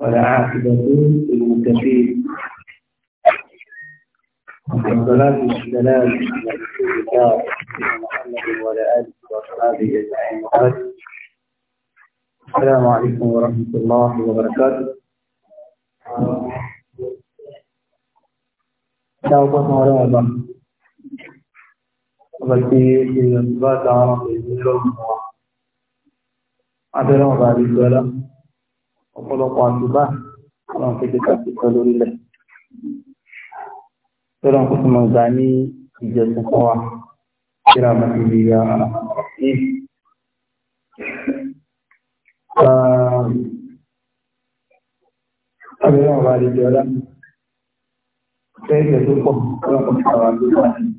والعاقبة للمتقين والصلاة والسلام على رسول الله محمد وعلى آله وأصحابه أجمعين السلام عليكم ورحمة الله وبركاته dá ọgbọ́n fún ọ̀rẹ́ ọba ọba tí èèyàn ti bá ta àwọn èèyàn lọ́rùn wa abẹ́rẹ́ ọba àdìgbọ́lá ọ̀pọ̀lọpọ̀ àtúbà àwọn kékeré káàkiri sọ lórílẹ̀ tọ́lọ́n kò tún mọ̀ gbà ní ìjọsìn fún wa kíra àmàtí ìlú ya ní. Abẹ́rẹ́ ọba àdìgbọ́lá kẹ́kẹ́ tó pọ̀ ọlọ́pọ̀ àwọn tó wà ní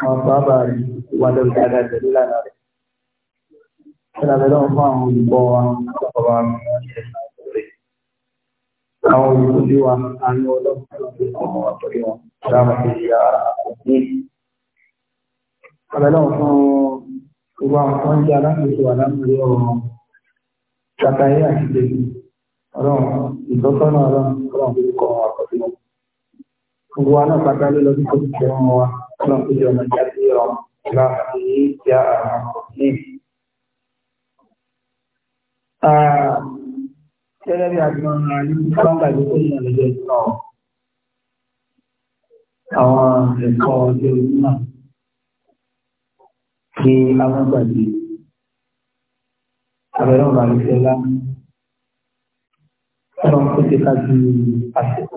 àwọn bàbá rẹ̀ wà lórí dáadáa tẹ̀lé lánàá rẹ̀. Ṣẹlẹ̀ lọ́wọ́ fún àwọn olùkọ́ wa ọ̀pọ̀ àwọn àwọn olùkọ́jú wa àánú ọlọ́pọ̀ ọmọ wa torí wọn dáàmú sí ìyá ní. Ṣẹlẹ̀ lọ́wọ́ fún gbogbo àwọn tó ń jẹ́ alákòóso alámúlé ọ̀rọ̀ ṣàtàyé àti ìdèbí ọlọ́run ìtọ́sọ́nà ọlọ́run ọlọ́run kọ́ àkọsílẹ̀ gbogbo wa náà bàtà lé lọ́dún tó ti tẹ̀ wọn wa ọlọ́run tó yọ ọmọ ìjà sí ọ ìlà àti ìyá àwọn ọ̀sìn. gẹ́gẹ́ bí àjọ ọ̀rọ̀ ní sọ́ńgà ìlú tó yàn lọ́jọ́ ìsọ̀ àwọn ẹ̀kọ́ ọjọ́ ìsúná kí àwọn gbàgbé abẹ́rẹ́ ọ̀rọ̀ àlùfẹ́ lá ọlọ́run ti ká ju àsìkò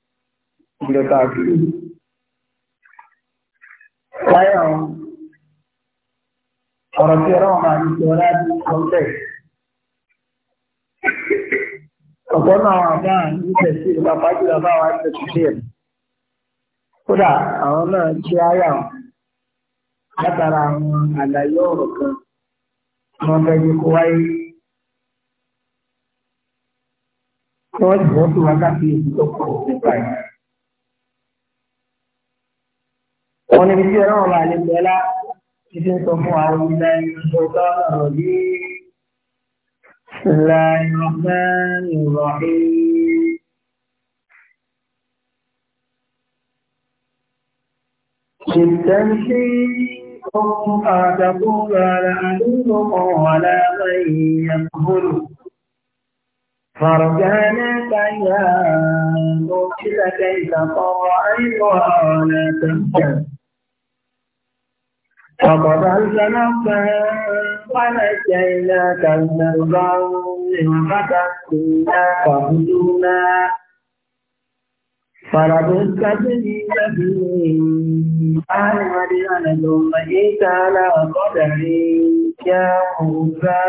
ilẹ̀ káàkiri. Láyé àwọn ọ̀rọ̀ tí ọlọ́run máa ń sọ láti ọ̀tẹ̀. Ọ̀pọ̀ náà wà bá ní tẹ̀sí ìpapá jùlọ bá wà tẹ̀sí sí ẹ̀. Kódà àwọn náà ṣe áyà látara àwọn àlàyé ọ̀rọ̀ kan wọn fẹ́ jẹ́ kó wáyé. Wọ́n sì wọ́n fi wákàtí èyí tó kọ̀ nípa ìgbà. wọn níbi tí ọlọ́run bá lè gbẹ́lá títí ń sọ fún àwọn ilé ìṣòkà ọ̀rọ̀ yìí láì rọ̀fẹ́ ìrọ̀hí. للتمشي أن تقول لأدلكم على من يقبل فرجاناك يا مبشر كيف قرأ ولا تمشي فقتلت نفسا ونجيناك من الغم وفتحنا فهدونا فلبثت به في أهل مدينة ثم جئت على قدري يا موسى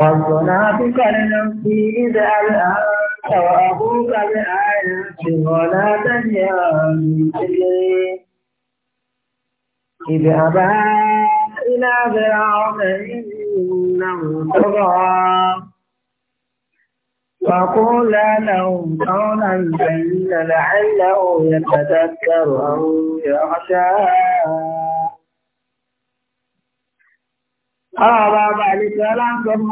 واصطنعتك لنفسي إذ ألهمت وأخوك بآياتي ولا تنيا من تجري اذهبا إلى فرعون إنه طغى فقولا له قولا بينا لعله يتذكر أو يخشى أرى بعد كلام ثم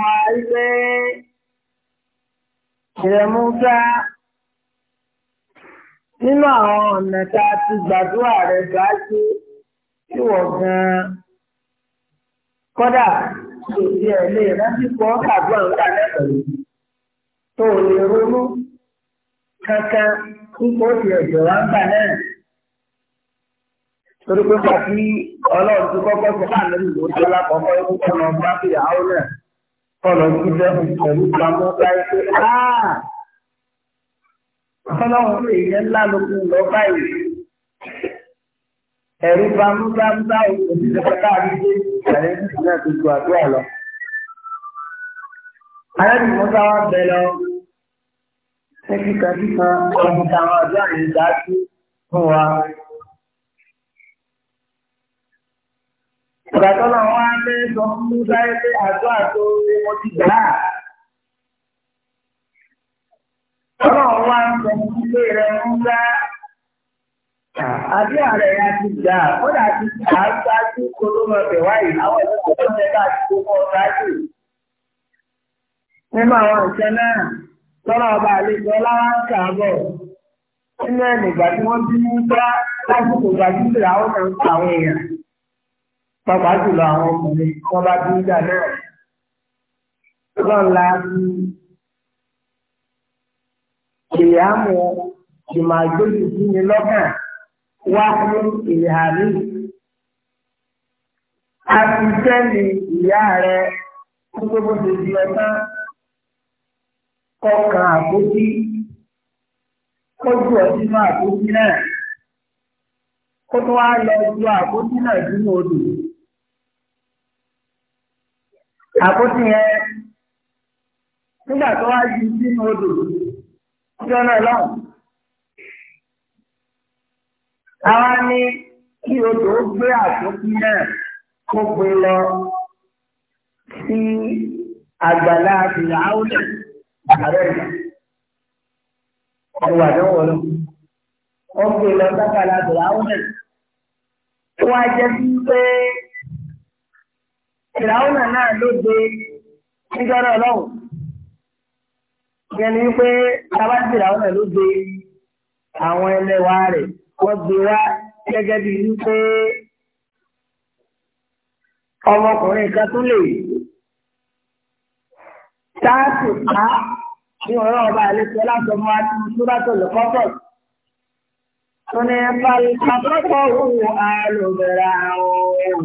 ìrẹ̀ Musa nínú àwọn ọ̀nà tá a ti gbàdúrà rẹ̀ dájú tí gan-an kọ́dà tó ti ẹ̀ lè rántí pọ̀ tàbí pẹ̀lú tó o kankan nípa ó ẹ̀jọ̀ wá ń gbà náà torí pé pàtí ọlọ́run ti kọ́kọ́ sọ fún ìlú lápapọ̀ kan náà. kọlọ̀ tí fẹ́ pẹ̀lú pamọ́ láì pé áà ọlọ́run pé ìyẹn ńlá lókun lọ báyìí ẹ̀rú pamọ́ bámbá òṣìṣẹ́ káàrí dé ìṣẹ̀lẹ̀ nígbà tó ju àdúrà lọ. arábìnrin mọ́tà wá bẹ lọ ṣé kíkan kíkan ọmọ táwọn àdúrà yẹn dá sí fún wa. Ìgbàtọ́ làwọn alẹ́ sọ fún Musa pé àjọ àjọ orí wọn ti gbà á. Ọlọ́run wá ń sọ fún ilé rẹ̀ Musa. Àbí ààrẹ ya ti gbà á. Kódà ti gbà á ṣáájú kolómọ ọbẹ̀ wáyé láwọn ẹ̀rọ tó tọ́jú ẹ̀ka àti gbogbo ọ̀rá jù. Nínú àwọn ìṣẹ́ náà, tọ́lá ọba àlejò ọláwá ń kà Nínú ẹ̀ nígbà tí wọ́n bí Musa lásìkò gbàdúrà àwọn kan pa àwọn èèyàn pàápàá jùlọ àwọn ọkùnrin tí wọ́n bá bí ìjà náà lọ́la ni ìyàmù ìmàgbéjì sí ni lọ́kàn wá fún ìyàrí àtijọ́ ni ìyá rẹ̀ fún gbogbo ti di ọtán kọkàn àkókí kójú ọtí fún àkókí náà kó tó wá lọ ju àkókí náà sínú odò àkótí yẹn nígbà tó wá yí sínú odò ọjọ́ náà lọ́hùn. Àwa ní kí odò gbé àkótí náà kó gbé lọ sí àgbàlá ìyáwó ààrẹ ìgbà. Ẹwà tó wọlé. Ó gbé lọ sábàlá ìyáwó náà. Ó wá jẹ́ sí pé ìràwọ̀nà náà ló dé níjọ́rọ̀ ọlọ́run ìyẹn ni wípé tábàtì ìràwọ̀nà ló dé àwọn ẹlẹ́wà rẹ̀ wọ́n gbé wá gẹ́gẹ́ bí wípé ọmọkùnrin kan tún lè táàtì pa ní ọ̀rọ̀ ọba àlejò láti ọmọ àti ìṣúrátò lọ́kọ́tọ̀ tó ní pàlùpàpọ̀ òun àlùbẹ̀rẹ̀ àwọn ẹ̀wù.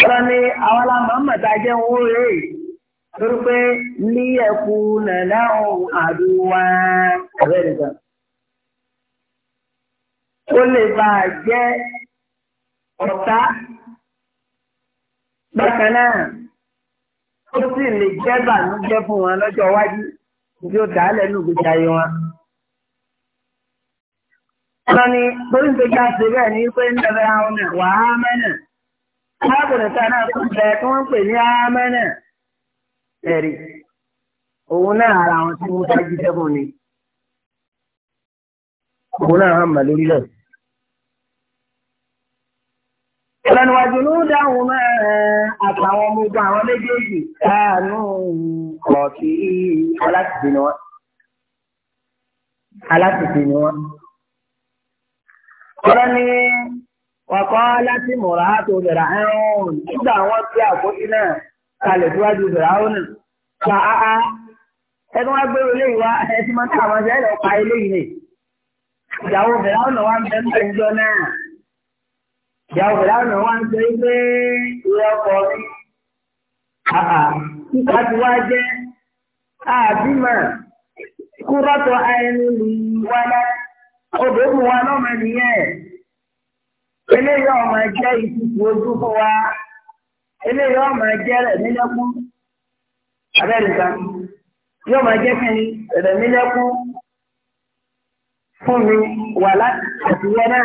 Ọ̀rọ̀ ni àwọn alámọ̀ọ́mọ̀ta jẹ́ owó rèé torí pé ní ẹ̀kú nàlá ohun àdúwà ọ̀rẹ́ nìkan. Ó lè bá a jẹ́ ọ̀tá bákan náà. Ó sì lè jẹ́ bànújẹ́ fún wọn lọ́jọ́ iwájú tí ó dá lẹ́nu ìgbésí ayé wọn. Ọ̀rọ̀ ni pé kí a ṣe bẹ́ẹ̀ ni pé ń dẹ̀bẹ̀ àwọn wàhálà mẹ́rin arákùnrin tá náà tún bẹ tí wọ́n ń pè ní amẹ́nà ẹ̀rí òun náà ara àwọn tí wọ́n dájú sẹ́fún ni òun náà hàn mà lórílẹ̀. ìlànàwájú ló ń dáhùn máa àtàwọn ọmọ ogun àwọn méjèèjì káàánú ọ̀kì alátìsí ni wọ́n. alátìsí ni wọ́n. ọ̀rọ̀ Ọ̀kọ́ láti mọ̀rá tó bẹ̀rẹ̀ ẹ̀rùn nígbà wọ́n tí àkókí náà kalẹ̀ síwájú bẹ̀rẹ̀ àwọn náà. Ṣà áá ẹni wá gbé ilé ìwá ẹtí máa ń tàwọn ṣe ẹ̀rọ pa ilé yìí nì. Ìyàwó bẹ̀rẹ̀ àwọn wá ń bẹ ń bẹ̀rẹ̀ náà. Ìyàwó bẹ̀rẹ̀ àwọn wá ń sọ pé ìwé ọkọ mi. Àà kíkà ti wá jẹ́ àbímọ̀ kúrọ́tọ̀ ẹni lù wá náà eléyìí ọmọ ẹjẹ́ ìtutù ojú fún wa eléyìí ọmọ ẹjẹ́ rẹ̀ nílẹ́kún abẹ́rẹ́ta yóò máa jẹ́ kí rẹ̀ nílẹ́kún fún mi wà láti àtìyẹ náà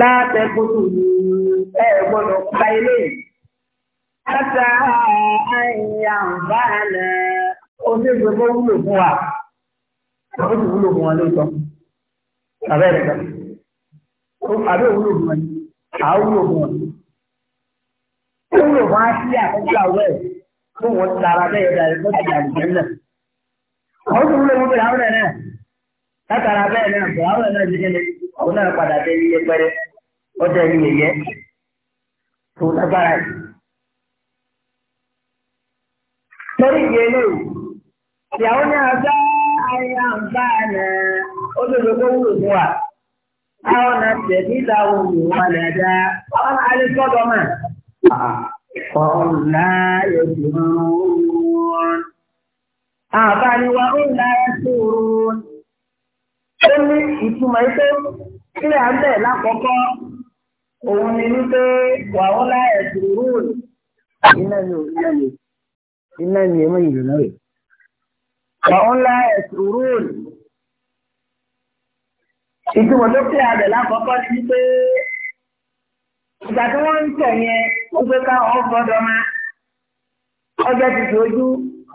látẹ̀kùtù ẹ gbọ́dọ̀ pa eléyìí. Ata àyà ń bá àlẹ́ wúlò fún wa. Oníṣègùn wúlò fún wa lóòótọ́. Abẹ́rẹ́ta. àbí òwúlò fún ẹni àwúlò fún ẹni. òwúlò fún aṣí àkókò àwọ̀ ẹ̀ fún wọn tara bẹ́ẹ̀ dàrí fún ti dàrí jẹ́lẹ̀. àwọn tó wúlò fún ìyàwó rẹ̀ náà látara bẹ́ẹ̀ náà ìyàwó rẹ̀ náà ti kéde òun náà padà dé pẹ́rẹ́ àwọn ọ̀nà tẹ̀lé ìdáwọ̀ òwò àlẹ́dá ọ̀nà àlẹ́sọ́dọ̀ mà. Ọ̀nà yẹ̀dùnrún. Àbániwa ọ̀nà yẹ̀dùnrún. Ó ní ìtumọ̀ yìí pé kílẹ̀ à ń bẹ̀ lákọ̀ọ́kọ́. Òun ni wípé wà ó láyẹ̀ dùnrún. Iná ni òun náà lè. Iná ni èmi ìlú náà rè. Wà ó láyẹ̀ dùnrún ìtumọ̀ tó pé àbẹ̀ lákọ̀ọ́kọ́ ni wípé ìgbà tí wọ́n ń tẹ̀ yẹn ó pé ká ọ̀fọ́dọ̀ máa ọjọ́ ti dojú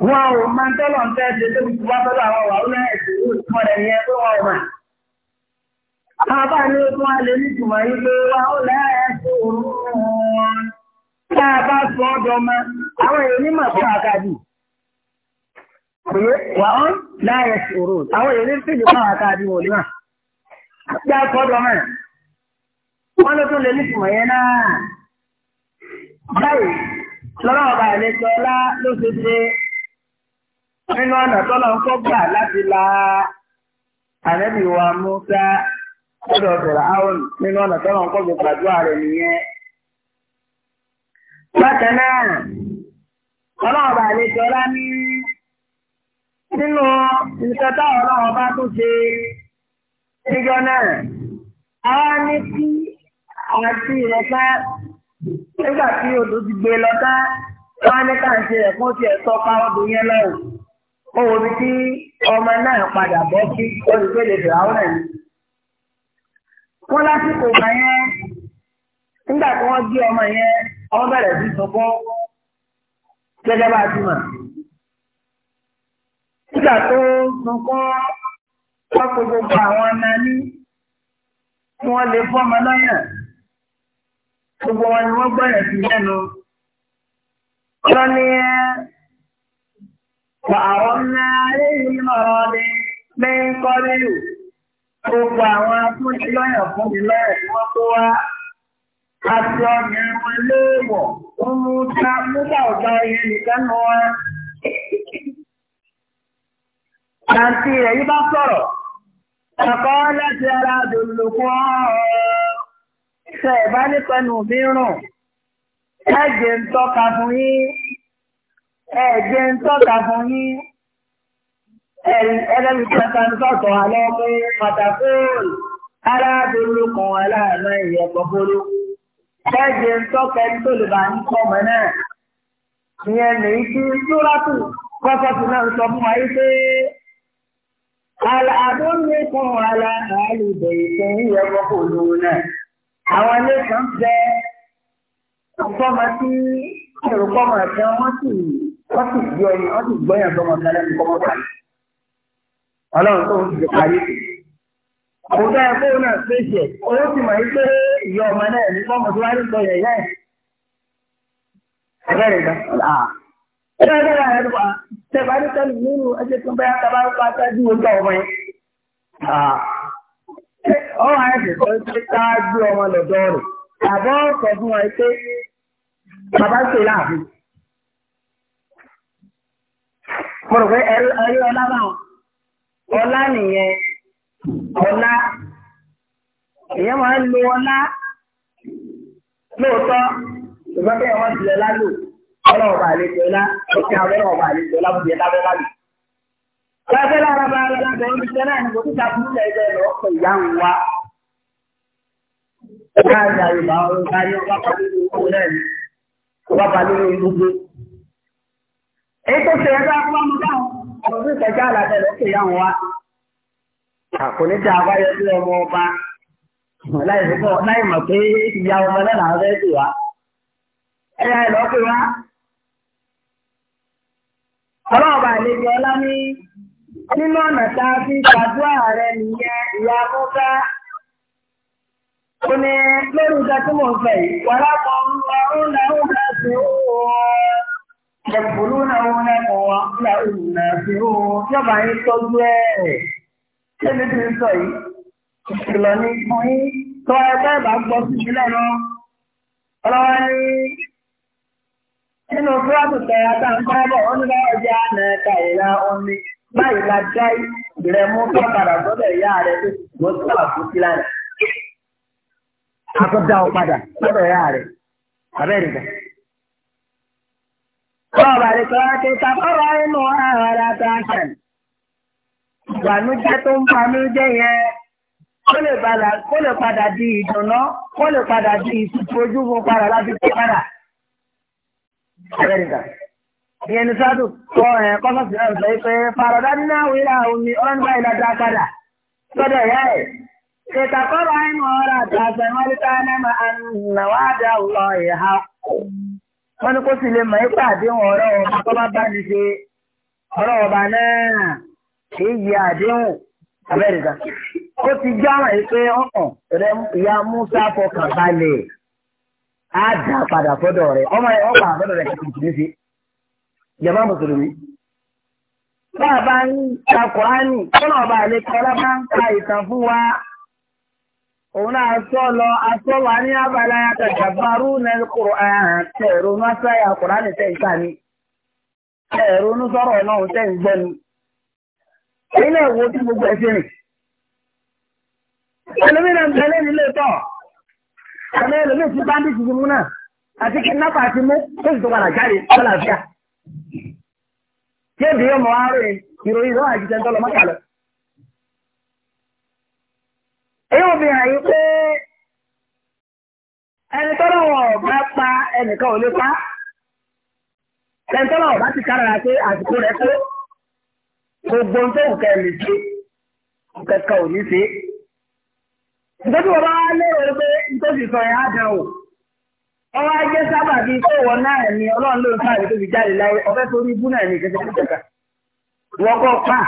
wọn ò máa ń tọ́lọ̀ ń tẹ́ ṣe tóbi tí wọ́n tọ́lọ̀ àwọn wàhálà náà ẹ̀sìn ìtumọ̀ rẹ̀ yẹn pé wọn mà. àwọn bá ní ogun alẹ́ ní ìtumọ̀ yìí pé wọn ò lẹ́yìn ẹ̀sìn òun tá a bá sọ ọ̀dọ̀ ma àwọn èèyàn ní mà Àti àkọ́dọ̀ mẹ́. Wọ́n ló tún lè ní ìmọ̀ yẹn náà. Báyìí, lọ́wọ́ ọba ìlẹ́jọ́ ọlá ló ṣe ṣe nínú ọ̀nà tọ́lọ̀ ń kọ́ gbà láti la àrẹ́bì wa Musa lọ́dọ̀ ọ̀sẹ̀rẹ̀ áwọn nínú ọ̀nà tọ́lọ̀ ń kọ́ gbà gbàdúrà rẹ̀ nìyẹn. Bákan náà, ọlọ́wọ́ ọba ìlẹ́jọ́ ọlá ní nínú nǹkan táwọn ọlọ́wọ́ bá tún ṣe. níjọ́ náà a ní kí àti ìrẹ̀pẹ́ nígbà tí odò ti gbé lọ tá ní ká ń ṣe ẹ̀kún ti ẹ̀tọ́ yẹn lọ́rùn òun ni kí ọmọ náà padà bọ́ sí olùgbèlè fìràwọ́n náà yìí. wọ́n lásìkò gbà yẹn nígbà tí gbé wọ́n pe gbogbo àwọn nání tí wọ́n lè fọ́mọ lọ́yàn gbogbo wọn ni wọ́n gbọ́yàn sí lẹ́nu. wọ́n ní àwọn náà lè ní ọ̀rọ̀ ni pé ń kọ́ nílù gbogbo àwọn afúnni lọ́yàn fúnni lọ́yàn tí wọ́n kó wá àti ọ̀gbìn wọn léèwọ̀ ó mú múgbà ọ̀gá ẹyẹ nìkan nù wọn. àǹtí rẹ̀ yí bá sọ̀rọ̀. Àkọọ́lẹ̀ ti ara dòlòkún ọ̀rọ̀ ṣe ìbá ní pẹnu bí rùn. Ẹ̀jẹ̀ ń tọ́ka fún yín. Ẹ̀jẹ̀ ń tọ́ka fún yín. Ẹlẹ́bi pẹ́ta ń sọ̀tọ̀ alẹ́ pé pàtàkùn ara dòlòkún aláàánú ìyẹn kọ̀ọ̀kọ̀rọ̀. Ẹ̀jẹ̀ ń tọ́ka ẹni tó lè bá ń kọ́ ọmọ náà. Ìyẹn lèyí tí Súrátù kọ́kọ́ ti náà sọ fún wa yí pé. Àlà ala àlà àlùbẹ̀ ìsìn ìyẹ̀wọ̀ kò lòun náà. Àwọn ilé kan bẹ ọ̀pọ̀mọ tí ẹ̀fẹ́ wọ́n sì wọ́n gbé ẹni wọ́n sì gbọ́yàn tọmọ Ọlọ́run tó ń parí ẹ̀kọ́ náà fèsì ẹ̀, owó ti mọ̀ ìyá ọmọ náà ní tó sọ yẹ̀yẹ́ ẹ̀. Ẹgbẹ́ rẹ̀ ẹgbẹ́ rẹ̀ tẹ̀bá ní sẹ́nu nínú ẹgbẹ́ tó bẹ́ẹ̀ tẹ̀bá ń pa ṣáájú ojú ọmọ yẹn. ọ̀hún àìsàn sọ pé ṣáájú ọmọ lọ́dọ̀ rẹ̀ àbọ̀ sọ fún wa pé bàbá ń pè láàbù. mo rò pé ẹ̀rí ọlá bá ọlá nìyẹn ọlá èèyàn máa ń lo ọlá lóòótọ́ ìgbà bẹ́ẹ̀ wọ́n ti lálò ọlọ́run àlejò ọlá ọ̀sẹ̀ àwọn àlejò ọlá fún ìyẹ́dá bẹ́ẹ̀ lábì. lára bá ara bẹ̀ ń bíṣẹ́ náà ni kò títa fún ilẹ̀ ẹgbẹ́ rẹ̀ ọ̀pọ̀ ìyá ń wá. Ọba àjà Yorùbá ọba ní ọba pa nínú owó náà ni ọba pa nínú gbogbo. Èyí tó ṣe ẹgbẹ́ akọ́wá dáhùn ọ̀rọ̀ láì mọ̀ pé ìyá ọmọ náà làwọn fẹ́ sì wá. Ẹ̀yà ìlọ́pẹ̀ wá ọlọ́ọ̀bà àlejò ọlá ní nínú ọ̀nà tá a fi ṣàdúrà rẹ nìyẹn ìyá mọ́ká. ó ní lórí ìjọ tí mò ń fẹ̀ yìí wàrà kan ń lọ ó lọ ó lọ sí owó ẹ̀kúrú náà ó lẹ́kọ̀ọ́ wa ó lọ ó lọ sí owó yọ̀bà yín tọ́jú ẹ̀ ṣébi tí ń sọ yìí ìkìlọ̀ ní fún yín tọ́ ẹgbẹ́ ìbá gbọ́ sí ìbílẹ̀ náà ọlọ́wọ́ ní nínú fúlàbù kẹyà tá ń bá bọ̀ wọn ní báyọ̀ jẹ́ àná ẹ̀ka ìlà omi báyìí la já rẹ̀ mú bá padà sọ́dọ̀ ìyá rẹ̀ tó mọ̀ sí àwọn fúlà rẹ̀. Àtúndà ọ̀ padà sọ́dọ̀ ìyá rẹ̀ abẹ́rẹ́ rẹ̀. Bọ́ọ̀bà lè sọ wá pé tàbọ̀rọ̀ inú ara ta sàn. Ìbànújẹ́ tó ń banújẹ́ yẹn kó lè padà di ìdùnnú kó lè padà di ìtìjú ojú fún padà láti tó padà. Amẹ́ríkà. Ìyẹn ni sáàtù kọ ẹ̀ kọ́mọ̀sì náà sọ pé Fàrọ̀dá nínú àwọn ìlà omi ọ̀rọ̀ nígbà ìlà dá padà sọ́dọ̀ ìyá ẹ̀. Ṣèkà kọ́rọ̀ ẹnu ọ̀rọ̀ nà Wọ́n ní kó ọba bá ní ọba náà kì í àdéhùn Ó ti rẹ̀ Musa á dà padà sọ́dọ̀ bá a bá ń ka kùránì kọ́nà ọba àlejò ọlọ́ba ń ka ìtàn fún wa òun náà sọ lọ asọ wa ní abala àtàjàbárú nẹ́ẹ̀lì kùránì tẹ̀ ronú tẹ̀ ń tẹ̀ ronú sọ̀rọ̀ náà tẹ̀ àmọ́ ẹlòmíì ti bandage ti mú náà àti kidnap àti mú tó sì tó padà jáde lọ́làfíà. Kéèdì yóò mọ àárò ìròyìn lọ́wọ́ àjíjẹ ńtọ́ lọ́mọ́ kàlọ́. Èyí ò fi hàn yí pé ẹni tọ́lọ̀ wọn ọ̀gá pa ẹnìkan ò lè pa. Ẹni tọ́lọ̀ ọ̀gá ti kára pé àsìkò rẹ̀ pé gbogbo ohun tó wù kẹ́ lè ṣe kẹ́kẹ́ ò ní ṣe é. ìtọ́jú wọn bá lérò pé nítòsí sọ yẹn á o ọwọ́ ajé sábà bíi tó wọ náà ni ọlọ́run ló ń káàdì tó fi jáde láyé ọ̀fẹ́ náà pa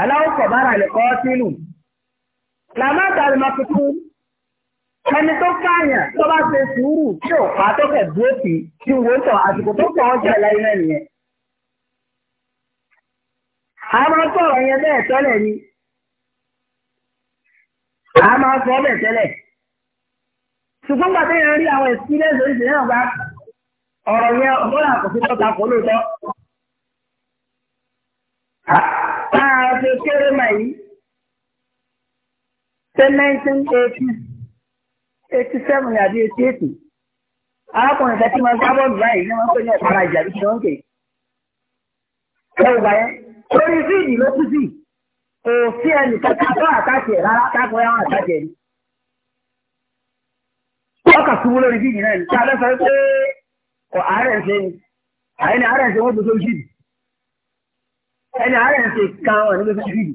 aláwọ̀ kọ̀ bára lè kọ́ sínú máa ẹni tó káàyàn tó bá ṣe sùúrù tí ò pa tó fẹ̀ dúró sí ti wò a máa sọ ọ́bẹ̀ tẹ́lẹ̀ ṣùgbọ́n gbàtí yẹn rí àwọn experience oríṣiríṣi náà gba ọ̀rọ̀ yẹn ọ̀gbọ́n àkọsí tọ́ta kò lóòótọ́ táà ṣe kéré mà yìí ṣe nineteen eighty eighty seven àbí eighty eight arákùnrin kan tí máa gbá bọ́ọ̀lù báyìí ní wọ́n pè ní ọ̀pára ìjà bí ṣe wọ́n kè ẹ ò gbà yẹn lórí fíìdì ló kú sí i kò sí tó àtàkì ẹ̀ rárá káàkiri àwọn àtàkì ẹ̀ ni. ọkà ṣubú lórí bíbí náà ní ká lọ́sọ̀rọ̀ pé kò àárẹ̀ ń ṣe ni àyẹ̀ ni àárẹ̀ ṣe wọ́n gbèsè ojú ẹni àárẹ̀ ṣe kan wọn nígbèsè ojú ìdì.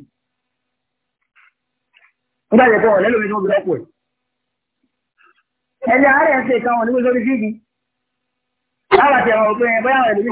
nígbà yẹn kó wọn lẹ́lómi ni wọ́n gbé lọ́pọ̀ ẹ̀. ẹni àárẹ̀ ṣe kan wọn nígbèsè ojú ìdì. láwọn àti àwọn òpin bóyá àwọn ẹ̀dùnmí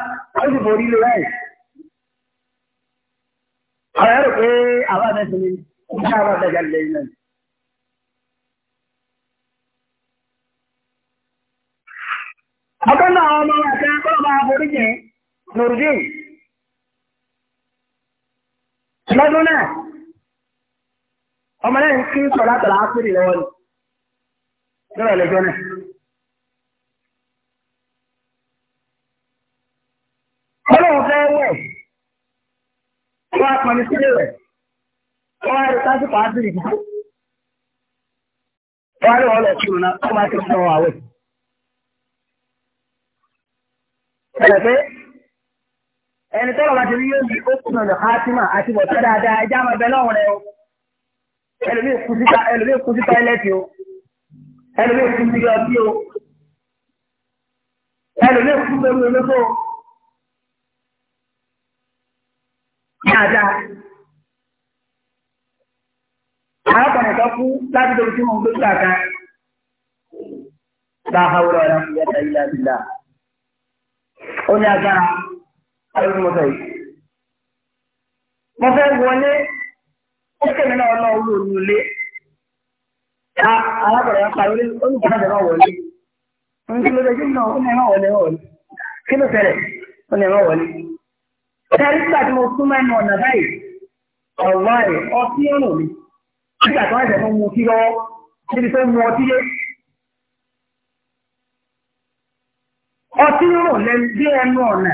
ó sì borí lé láì. ọ̀rọ̀ ẹ̀rọ pé àwa mẹ́sìn ni iṣẹ́ àwọn ọ̀dọ́jà lè lẹ́yìn náà. ọ̀kan náà ọmọ àti akọ́lọ́ máa borí jẹ́ nùrùdín. lọ́dún náà ọmọ náà ń kí sọ̀rọ̀ àtàlà ápìrì lọ́wọ́ ni. lọ́rọ̀ ẹ̀lẹ́jọ́ náà. fi ẹni tọ́lọ̀ bá ti rí yóò di ó kùnà hátímà àti bọ̀tá dáadáa ẹjá máa bẹ lọ́wọ́ rẹ o ẹlòmíì kú síta ẹlòmíì kú síta ẹlẹ́tì o ẹlòmíì kú síta ọtí o ẹlòmíì kú pẹ̀lú olóko o. dáadáa. arákùnrin kan kú láti tí ń gbé bá a hawúrọ̀ ọ̀rọ̀ fún yàtọ̀ ilé àbílà. ó ní agbára ayé mo sọ yìí. mo fẹ́ wọlé ó kẹ́mi náà lọ wúlò ní ilé. arákùnrin kan parí olùkọ́ náà wọlé. ń kí ló dé kí ló dé kí ló wọlé wọlé. kí ló Ṣẹ́rí nígbà tí mo sún mẹ́nu ọ̀nà báyìí, ọ̀wá rẹ̀ ọtí ń rùn mi. Nígbà tí wọ́n ṣẹ̀ fún mu kí lọ́wọ́, níbi tó mu ọtí lé. Ọtí ń rùn lẹ́nu bí ẹnu ọ̀nà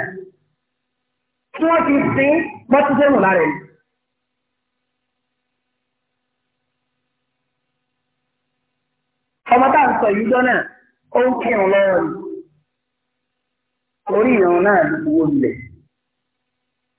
tí wọ́n ti sin bọ́tí tó rùn lára ẹ̀. Ọmọ táà ń sọ yìí náà, ó ń kírun lọ́wọ́ ni. Orí ìrùn náà ló wó lulẹ̀.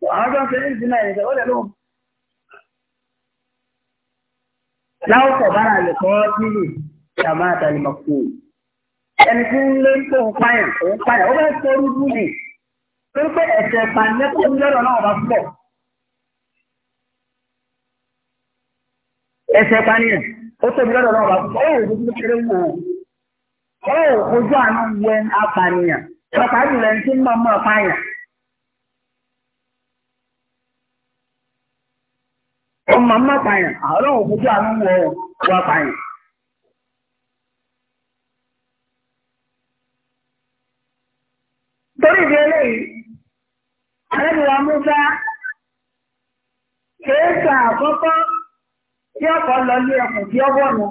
àwọn tó ń ṣe ní ìdí náà ìṣẹ́ ó lè lóhùn. láwùjọ bára lè kọ́ nílò ìṣàmà àtàlùmọ̀kù ẹni tí ń lé tó ń pààyàn tó ń pààyàn ó bẹ́ẹ̀ torí bú ni torí pé ẹ̀sẹ̀ pàǹdẹ́kù lọ́rọ̀ náà bá pọ̀ ẹ̀sẹ̀ pàǹdẹ́kù ó tóbi lọ́rọ̀ náà bá pọ̀ ó yẹ kó kéré wò ó ojú àánú wẹ apànìyàn pàtàkì lẹ́ni tí ń mọ̀ mọ́ pààyàn. ọmọ ọmọ pààyàn àwọn òkúta àánú wọ wà pààyàn. torí ìdí eléyìí àrẹ́bíwá Musa kéèkà àkọ́kọ́ tí ọkọ̀ lọ ní ẹkùn tí ọgbọ́ nu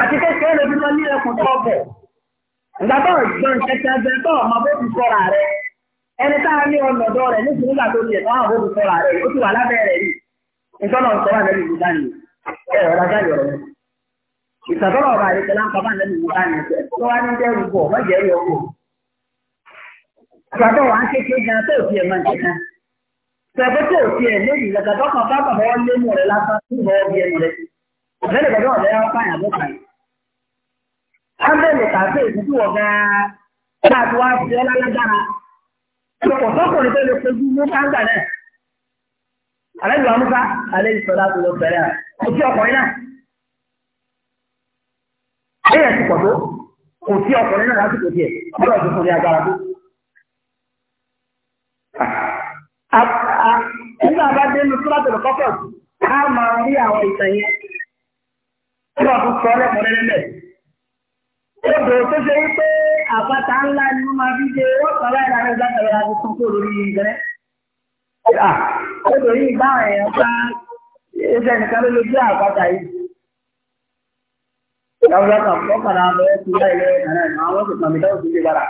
àti kékeré lóbi lọ ní ẹkùn tó ọbọ̀ ìgbà tó ìgbọ́n kẹta bẹ tó ọmọ bó ti sọ̀rọ̀ rẹ ẹni tá a ní ọlọ́dọ̀ rẹ̀ nítorí nígbà tó ti ẹ̀ tó àwọn bó ti sọ̀rọ̀ rẹ ó ti wà lábẹ́ rẹ̀ rí ìtọ́nà ọ̀sọ́ wà lẹ́nu ìlú dání ẹ̀ ọ̀rọ̀ ajá yọ̀rọ̀ mi. ìtàtọ́nà ọba àdìsẹ́ láǹkà wà lẹ́nu ìlú dání ẹ̀ tó wá ní dẹ́rù bọ̀ mọ́jẹ́ yọ kù. àgbàdo wa ń kéke gan tó fi ẹ̀ máa ń kéka. sọ̀rọ̀ tó fi ẹ̀ lé ìlú gàdọ́ kan bá bàbá wọn lé mú rẹ̀ lásán tó bọ̀ ọ́ bí ẹnu rẹ̀. ọ̀bẹ́ni gàdọ́ àlejò àmúta àlejò sọlá tó lọ bẹ̀rẹ̀ kò sí ọkùnrin náà ẹyẹ ti pọ̀ tó kò sí ọkùnrin náà lásìkò tiẹ̀ ọlọ́ọ̀ tó fún ní agbára tó. nígbà bá dé ní sọlá tó lọ kọ́kọ́ á máa rí àwọn ìtàn yẹn ọlọ́ọ̀ tó sọ ọlọ́kùnrin lẹ́lẹ̀. odò tó ṣe wípé àpáta ńlá ni wọ́n máa fi ṣe wọ́n sọ láìláì láti sọ lórí ìgbẹ́rẹ́. Odò ah, yìí báwọn èèyàn bá ẹsẹ̀ nìkan ló lójú àpáta yìí. Ìyàwó kan fọ́ padà lọ́wọ́ sí ilé ilé ẹ̀rẹ́ ìmọ̀ àwọn ọ̀sẹ̀ tàbí dáwọ̀ sí ilé padà.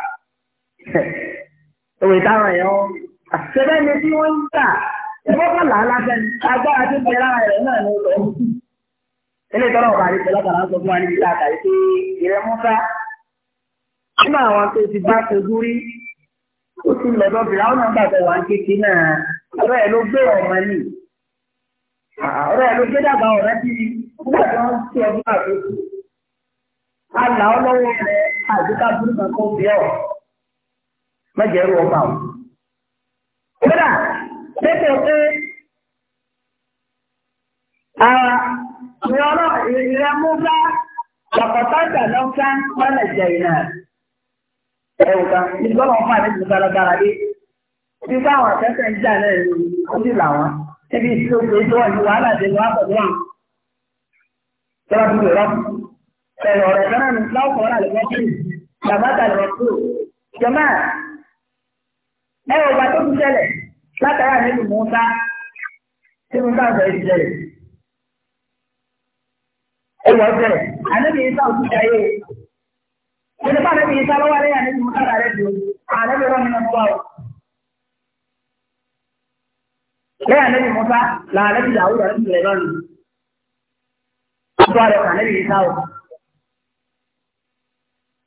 Òwe táwọn èèyàn ṣẹlẹ̀ ni tí wọ́n ń tà ẹgbẹ́ kan là á lásán ni agbára tó bẹ lára rẹ̀ náà ní ọ̀sẹ̀. Ilé ìtọ́lọ̀ ọ̀bà àti ìṣẹ̀lẹ̀ kan sọ fún wa níbi láàkàrí pé ìrẹ́múta. Nígbà àwọn tó ti bá ó ti lọ́dọ̀ fìlàwọ́n náà gbàgbọ́ wà ń kékeré náà ọ̀rọ̀ ẹ̀ ló gbé ọmọ ní ọ̀rọ̀ ẹ̀ ló gbé dàgbà ọ̀rẹ́ bí nígbà tí wọ́n ti ọdún àtòkù àlà ọlọ́wọ́ rẹ̀ àdúgbà burú kan kó bí ọ̀ mẹ́jẹ̀rú ọba ọ̀. kódà pépè pé ìrọ̀lọ́ ìrẹ́mú bá lọ́kọ̀tà ìgbà lọ́kàn wọ́n lè jẹ ìrìn àjò ẹ̀wù kan níbi tọ́lọ̀ wọn dé bí káwọn àtẹ́sẹ̀ ń jà náà ojú làwọn níbi ìṣúná òkè tó wà ní wàhálà dé wọn àtọ̀dọ́ wọn. tọ́lá tó lè rọ́pù ẹ̀rọ ọ̀rẹ́ kan ní láwùkọ̀ ọ̀rẹ́ àlẹ́ wọ́pù làbátà lè rọ́pù jọ̀mọ́ ẹ̀wù bá tó ti ṣẹlẹ̀ látara níbi musa tí musa sọ èyí ṣẹlẹ̀ ẹ̀wù ọ̀ṣẹ̀lẹ̀ àdébí Ẹni bá rẹ̀ bí i sálọ́wọ́ rẹ̀ yàrá ìlú mọ́tàrà rẹ̀ jù, ààrẹ bí rọ́mìnà ń wá o. Lẹ́yìn àlẹ́ bí mọ́tà làárẹ̀ bí ìyàwó rẹ̀ ń bẹ̀rẹ̀ lọ́nà. Àtúwà rẹ̀ kàn lẹ́bi ìsá o.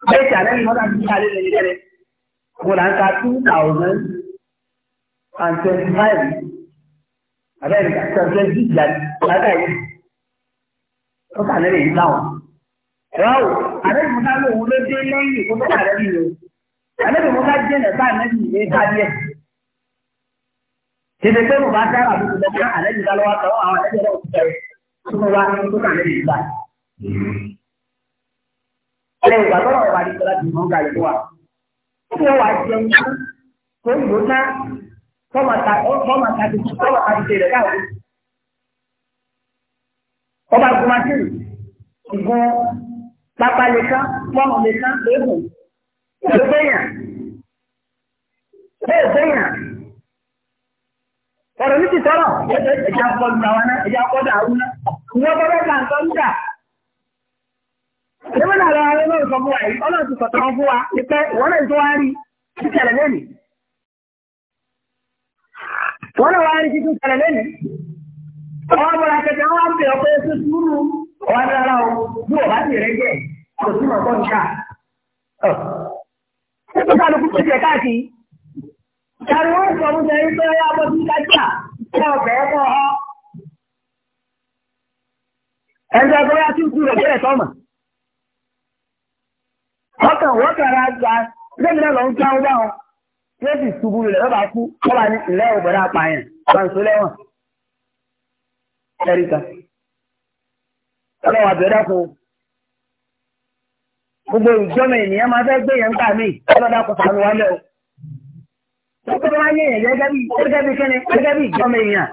Bẹ́ẹ̀ tí àlẹ́ bí mọ́tà ti sáré lẹ́yìn lẹ́rẹ̀. Mo là ń ka two thousand and twenty five. Àbẹ́rẹ́ twenty five yàrá látàrí. Ó kàn lẹ́bi ìsá o. Ẹ̀rọ àdébì Musa lòun ló dé lẹ́yìn ìkótó àdébì rẹ̀. Àdébì Musa jẹ́nà bá àdébì rẹ̀ bá díẹ̀. Tètè pé mo bá dára àdúgbò lọ́wọ́ àdébì Musa lọ́wọ́ àtàwọn àwọn àdébì rẹ̀ òkú tẹ̀lé. Súnmọ́ wa ní kótó àdébì rẹ̀ bá. Ẹ̀rọ ìgbà tó wà wà ní ìtura ti mọ́ gàlẹ́ fún wa. Ó fi wà jẹun tó ń ná fọ́màtà ti rẹ̀ káàkiri. Ọba Gumasiri, ìgbọ́n Pápá lè kán, pọ́nmù lè kán, léèmù. Bẹ́ẹ̀ gbẹ̀yàn. Bẹ́ẹ̀ gbẹ̀yàn. Ọ̀rọ̀ ní ti sọ̀rọ̀, ẹja kọlu àwọn náà, ẹja kọlu àwọn náà. Ìwọ́n bọ́ bẹ́ẹ̀ kà ń sọ ń jà. Ìjọba náà lọ àwọn ọlọ́run sọ fún wa yìí, ọlọ́run ti sọ̀tọ̀ wọn fún wa, ìpẹ́ ìwọ́n náà tó wá rí ìṣẹ̀lẹ̀ lẹ́nu. Wọ́n náà wá rí títún ìṣẹ̀lẹ̀ lẹ́nu. Ọwọ́ ọ̀wá rárá o bí ọ̀bá ti rẹ jẹ́ kò sí mọ̀ tọ́ni Ṣé kí kálukú tó jẹ káàkiri? Ìyàrá wọn sọ fún mi pé ọyá bọ́ sí kájà ṣé ọ̀bẹ̀ ẹ̀ kọ́ ọ. Ẹ̀jẹ̀ tó yá sí ikú rẹ̀ bẹ̀rẹ̀ tọ́mà. Ọkàn wọ́n kàrà gba lẹ́yìn náà lọ ń jáwó báwọn. ṣubú rẹ̀ lọ́ba kú? Ọba ní ilé ọ̀bẹ̀rẹ̀ apààyàn, kàǹsó lẹ́wọ̀n. Ẹ̀ríkà ọlọ́wọ́ àbẹ̀dá fún gbogbo ìjọba ènìyàn máa fẹ́ gbé yẹn gbà mí ọlọ́dà kò sànù wá lẹ́wọ̀. wọ́n tó máa ń yẹ̀yẹ̀ gẹ́gẹ́ bí gẹ́gẹ́ bí kẹ́ni gẹ́gẹ́ bí ìjọba èèyàn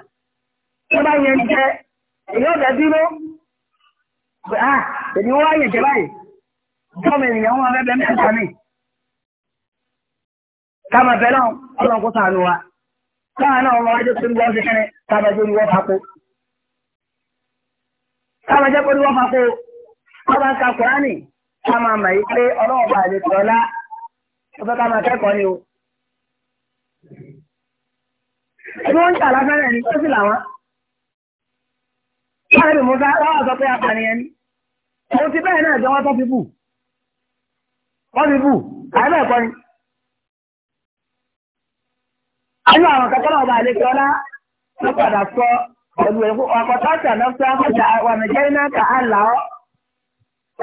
tó bá yẹn ah, jẹ èyí ọ̀dà dúró pé à èmi wọ́n á yẹ̀jẹ̀ báyìí ìjọba ènìyàn wọn fẹ́ bẹ́ẹ̀ mẹ́ta mi. káma bẹ́ẹ̀ náà ọlọ́run kò sànù wa káà náà wọn wájú pé wọ́n ṣe jẹ́ káwọn jẹ́ pé wọ́n máa kó wọ́n máa ka kùránì ká máa mọ̀ yìí pé ọlọ́run bá lè tọ́ lá ó fẹ́ ká máa kẹ́kọ̀ọ́ ni o. ẹni wọ́n ń tà lásán rẹ̀ ní tó sì làwọn. láàrin bí musa wọ́n sọ pé apànìyàn ni òun ti bẹ́ẹ̀ náà jẹ́ wọ́n tọ́ fi bù wọ́n fi bù àìbẹ̀ ẹ̀kọ́ ni. àwọn àwọn kẹ́kọ̀ọ́ náà bá lè tọ́ lá wọ́n padà sọ ẹ̀bùn ẹ̀kú ọkọ̀ tọ́tà dọ́kítà ọjà wàmẹ̀jẹ́ iná ala á là ọ́.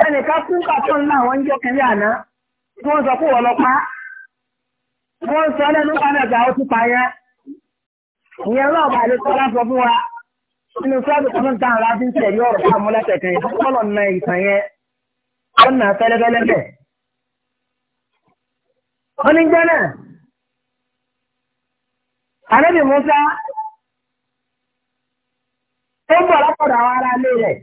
ẹnì kan kú kàtó ńlá àwọn oúnjẹ kẹlẹ́ àná tí wọ́n sọ pé wọ́n pa wọ́n sọ pa ìyẹn náà bá lè fún wa nínú tó ń láti ń tẹ̀lé fún na ìtàn yẹn ó ń bọ̀ lọ́pọ̀dọ̀ àwọn ará ilé rẹ̀.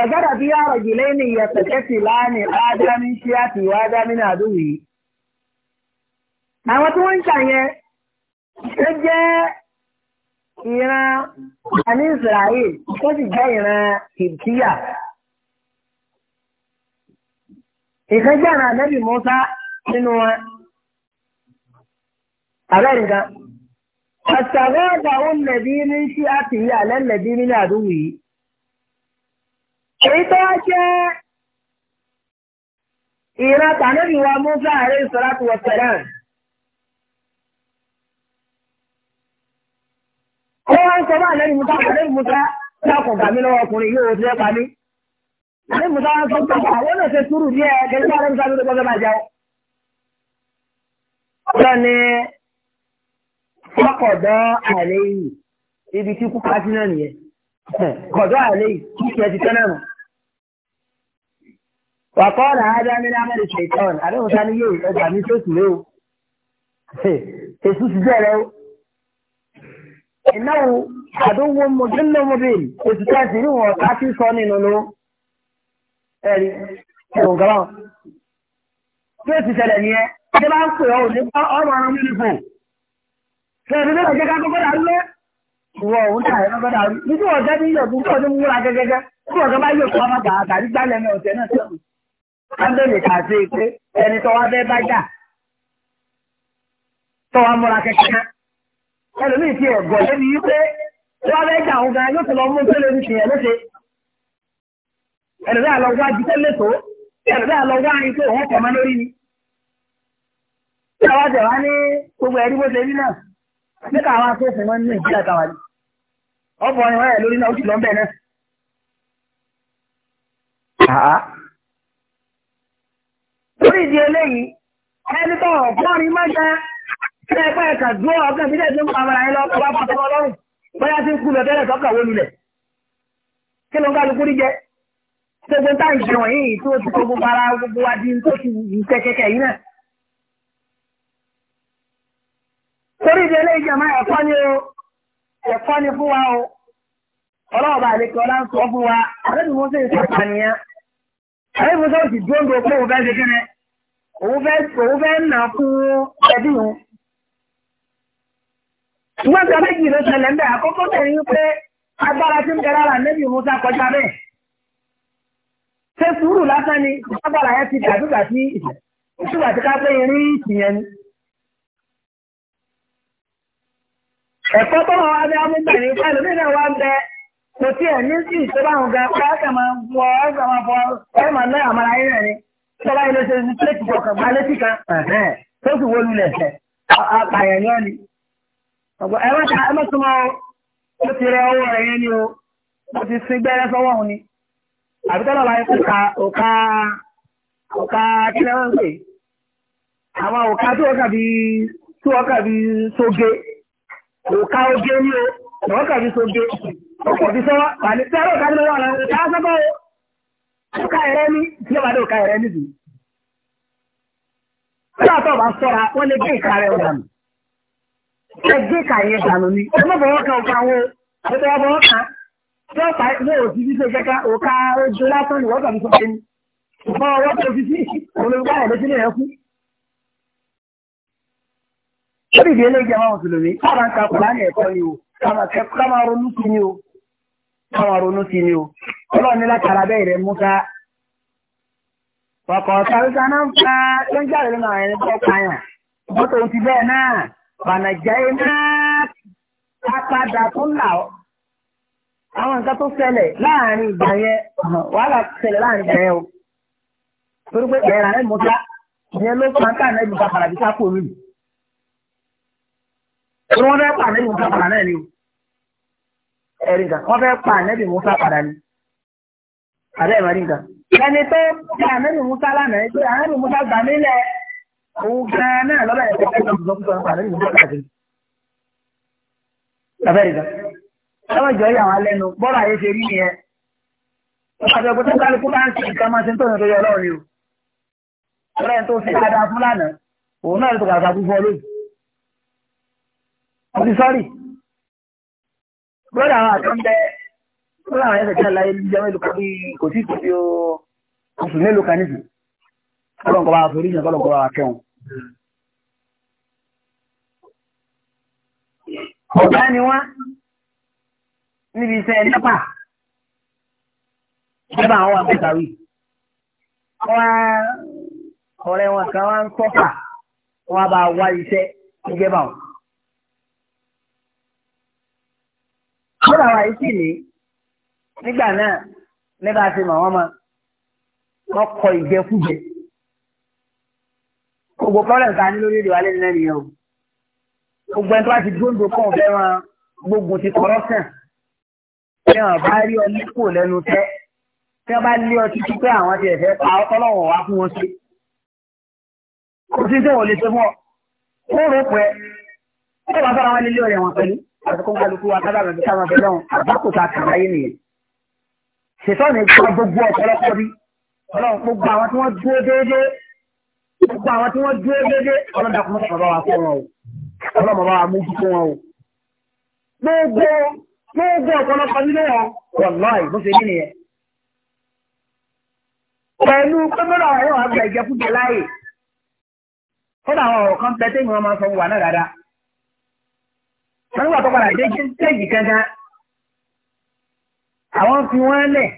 ọ̀gọ́dọ̀ bí ọ̀rọ̀ jù ya ìyẹ̀ pẹ̀kẹ́tì láàánì ádámí ṣí àti ìwà ádámí náà dùwì. àwọn tí wọ́n ń jẹ́ ìran Israel tó sì jẹ́ ìran ìbíyà. ìkẹ́jọ́ na ànẹ́bì Mùsá nínú wọn. Àṣàgọ́dà òun lẹ̀bí ní sí àtìrí àlẹ́lẹ̀bí nínú àdúgbò yìí. Èyí tó wá jẹ́ ìran tànẹ́bì wa Musa àrẹ ìsọ́láàtù wọ̀tẹ̀rán. Ó wá ń sọ bá àlẹ́bì Musa àlẹ́bì Musa lákùn gbà mí lọ́wọ́ ọkùnrin yóò ti rẹ́pa mí. Àlẹ́bì Musa wá sọ pé àwọn náà ṣe túrù díẹ̀ kẹ́kẹ́ bá àlẹ́bì Musa ló dé gbọ́dọ̀ bá jẹun. Ọ̀dọ́ ni kọ́kọ̀dọ́ àlẹ́ yìí ibi tí kú pàtí náà nìyẹn kọ̀dọ́ àlẹ́ yìí kí ṣe ti tẹ́lẹ̀ mọ́. wàkọ́ọ̀lá ajá nílẹ̀ amẹ́rẹ̀ ṣèkọ́ọ̀n àdéhùn sani yé ọjà mi tó sì lé o èsù ti jẹ́rẹ̀ o. ìnáwó àdówó mọ̀dúnlẹ̀ mọ̀bìlì èsù tẹ̀sí ní wọn ká sí sọ nínú ló ẹ̀rí ẹ̀rù gàlọ́n. bí èsù tẹ̀lẹ̀ nìyẹn ṣé bá ń pè ọ́ ò ní bá ọmọ Ṣẹ̀rẹ̀ ní ọjọ́ kan kọ́kọ́ dàrú lé. Ìwọ̀ òun tà ẹ̀ kọ́kọ́ dàrú. Nítorí ọjọ́ ní yọ̀ tó tọ́jú múra gẹ́gẹ́gẹ́. Tí ọ̀gá bá yọ̀ tó wá máa tàbí gbálẹ̀ ní ọ̀tẹ̀ náà sẹ́wọ̀n. Kábẹ́lì kà sí pé ẹni tó wá fẹ́ bá jà. Tó wá múra kẹ́kẹ́. Ẹlòmíì ti ẹ̀gọ́ lẹ́nu yí pé wọ́n fẹ́ jà òun gan yóò ti lọ mú pélé ní tìyẹn léṣe. Ẹlòmíì àlọ́ wá jí òun kọ̀ mọ́ lórí ni. Ṣé wá jẹ̀ wá ní gbogbo ẹ̀rí bó ṣe rí náà? nígbà àwọn aṣòfin wọn ní ìjìyà kan wà ní ọ̀pọ̀ ọ̀rìn wọn rẹ̀ lórí náà ó sì lọ bẹ́ẹ̀ náà. torí ìdí eléyìí ẹni tó hàn fọ́ọ̀rin má jẹ́ kí ẹgbẹ́ ẹ̀ka dúró ọ̀gbẹ́ ìbílẹ̀ tó ń pa ara ẹ lọ ọba pàtó ọlọ́run bóyá tí ń kú lọ tẹ́lẹ̀ tọ́kà wó lulẹ̀ kí ló ń kálukú rí jẹ gbogbo táyì ṣe wọ̀nyí tó ti gbogbo ara gbogbo wa di tó ti ń kẹ́kẹ́kẹ́ yìí náà. torí ilé ìjọba ẹ̀kọ́ ni o ẹ̀kọ́ ni fún wa o ọlọ́ọ̀bà àlekè ọlá ń sọ fún wa àbẹ́bí mo sì ń sọ àbẹ́bí mo sì dúró ń pé òun fẹ́ ṣe kíni òun òun fẹ́ nà fún ẹbí òun. ṣùgbọ́n tí a bẹ́ ṣẹlẹ̀ ńbẹ́ àkókò tẹ̀yìn pé agbára tí ń bẹ lára nẹ́bí Musa kọjá bẹ́ẹ̀. ṣé sùúrù lásán ni agbára yẹn ti dàdúgbà sí ìgbà ẹ̀kọ́ tó wọn wá bí amúgbẹ̀rin pẹ̀lú nínú wa ń bẹ kò tí ẹ̀ ní sí ìṣẹ́bà àwọn gan pé ẹ̀sẹ̀ máa ń fọ ẹ̀sẹ̀ máa fọ ẹ̀sẹ̀ máa náà àmàlà ayé rẹ̀ ni tọ́lá ilé ṣe ti tẹ́tì kọkàn gba létí kan tó sì wó lulẹ̀ sẹ̀ apààyàn yẹn ni. ẹ má ta ẹ má súnmọ́ o ó ti rẹ owó rẹ̀ yẹn ni o mo ti sin gbẹ́rẹ́ sọ́wọ́ òun ni àbí tọ́lá wa yẹn kà òkà òkà kílẹ̀ wọn pè àwọn òkà tó ọkà bíi tó ọkà bíi sóge òka oge ní o ọ̀rọ̀ kàbí so ge ọkọ̀ fi sọ́wọ́ pàdé tí ọ̀rọ̀ kàbí lọ́wọ́ àlọ́ ìta sọ́kọ̀ o òka ẹ̀rẹ́ ní tí ó bá dé òka ẹ̀rẹ́ níbi. Tí àtọ̀ bá sọ́ra wọ́n lè gé ìka rẹ̀ dànù. Ẹ gé ìka yẹn dànù ni. Ẹ má fọwọ́ kan òka wọn o, ẹ tẹ́wọ́ fọwọ́ kan. Tí ó pa ilé òsì fi ṣe kẹ́kẹ́ òka ojú lásán ni wọ́n kàbí so ge ni. Ìfọwọ́ lórí ìdí eléyìí àwọn mùsùlùmí káàmà ń ka kùránì ẹ̀kọ́ ni o káàmà ronú sí ni o káàmà ronú sí ni o ọlọ́run ní látara bẹ́ẹ̀ rẹ̀ Musa ọkọ̀ sàrúsà náà ń fa tó ń jáde lónà ẹni tó pààyàn mọ́tò ti bẹ́ẹ̀ náà bànàjẹ́ iná apádà tó ń là ọ́ àwọn nǹkan tó ṣẹlẹ̀ láàrin ìgbà yẹn wàhálà ṣẹlẹ̀ láàrin ìgbà yẹn o torí pé ìyẹn ló fa ń tà náà ibùsà pàràbísà kò rí yìí. Ẹ̀rọ wọn fẹ́ pa ànẹ́bì Musa padà náà ni o. Ẹ̀rí nǹkan, wọ́n fẹ́ pa ànẹ́bì Musa padà ni. Àbẹ́ ìmọ̀ rí nǹkan. Ẹni tó ti ànẹ́bì Musa lánàá ni pé ànẹ́bì Musa gbà mí lẹ̀ òun gan-an náà lọ́dọ̀ ẹ̀kọ́ fẹ́ lọ sọ fún sọ́kùn ànẹ́bì Musa káàkiri. Àbẹ́ rí nǹkan. Ẹ̀rọ ìjọ yà wá lẹ́nu, bọ́ọ̀lù àyè ṣe rí nìyẹn. Ọ̀pọ̀ ọ̀pọ̀ tó kálukú bá ń ṣe nǹkan àti sọ́rí lórí àwọn àtúndẹ́ lórí àwọn ẹ̀sẹ̀ tí aláyé jẹ́ mélòó kan bí kò sí ìtòsí oṣù mélòó kan nìsín kọ́lọ̀kọ́ bá forí yẹn kọ́lọ̀kọ́ bá kẹ́wọn. ọ̀gá ni wọ́n níbi iṣẹ́ nípa nípa àwọn àbẹ̀tàwì ọ̀rẹ́ wọn kan wá ń sọ́fà wọ́n bá wá iṣẹ́ nígbẹ́ báwọn. kódà wa ìsì ní nígbà náà nígbà tí mọ̀ wọ́n mọ̀ wọ́n kọ ìjẹkújẹ gbogbo pọ́lẹ̀ nǹkan lórí ìwà lẹ́nu lẹ́nu yẹn o gbogbo ẹni tó bá ti gbóǹdò kàn fẹ́ wọn gbógun ti kọ́rọ́sàn tí wọn bá rí ọ nípò lẹ́nu tẹ́ tí wọn bá lé ọ títí pé àwọn ti ẹ̀fẹ́ pa ọkọ wá fún wọn sí kò sí tí wọn ò lè ṣe fún ọ kó rò pé ẹ bá fara wọn lé lé ọ̀rẹ́ wọn pẹ̀lú àti kó ń kálukú wa kábàámọ̀ bí káwọn fẹ́ lọ́hùn àbákòtà àtàláyé nìyẹn. ṣètọ́nù ìgbà gbogbo ọ̀pọ̀lọpọ̀ bí ọlọ́run gbogbo àwọn tí wọ́n dúró déédéé gbogbo àwọn tí wọ́n dúró déédéé ọlọ́dà kún mọ́tò bàbá wa fún wọn o ọlọ́mọ bá wa mójú fún wọn o. gbogbo gbogbo ọ̀pọ̀lọpọ̀ nínú wọn wọ̀lọ́ọ̀ bó ṣe nìyẹn. pẹ̀lú pẹ́mẹ́rà ọ̀rọ̀ àgbà ìjẹkújẹ láàyè kódà àwọn ọ̀rọ̀ kan pẹ́ tẹ́yìn wọn máa wọ́n wà tó padà dé stéèjì kankan àwọn fi wọ́n lẹ̀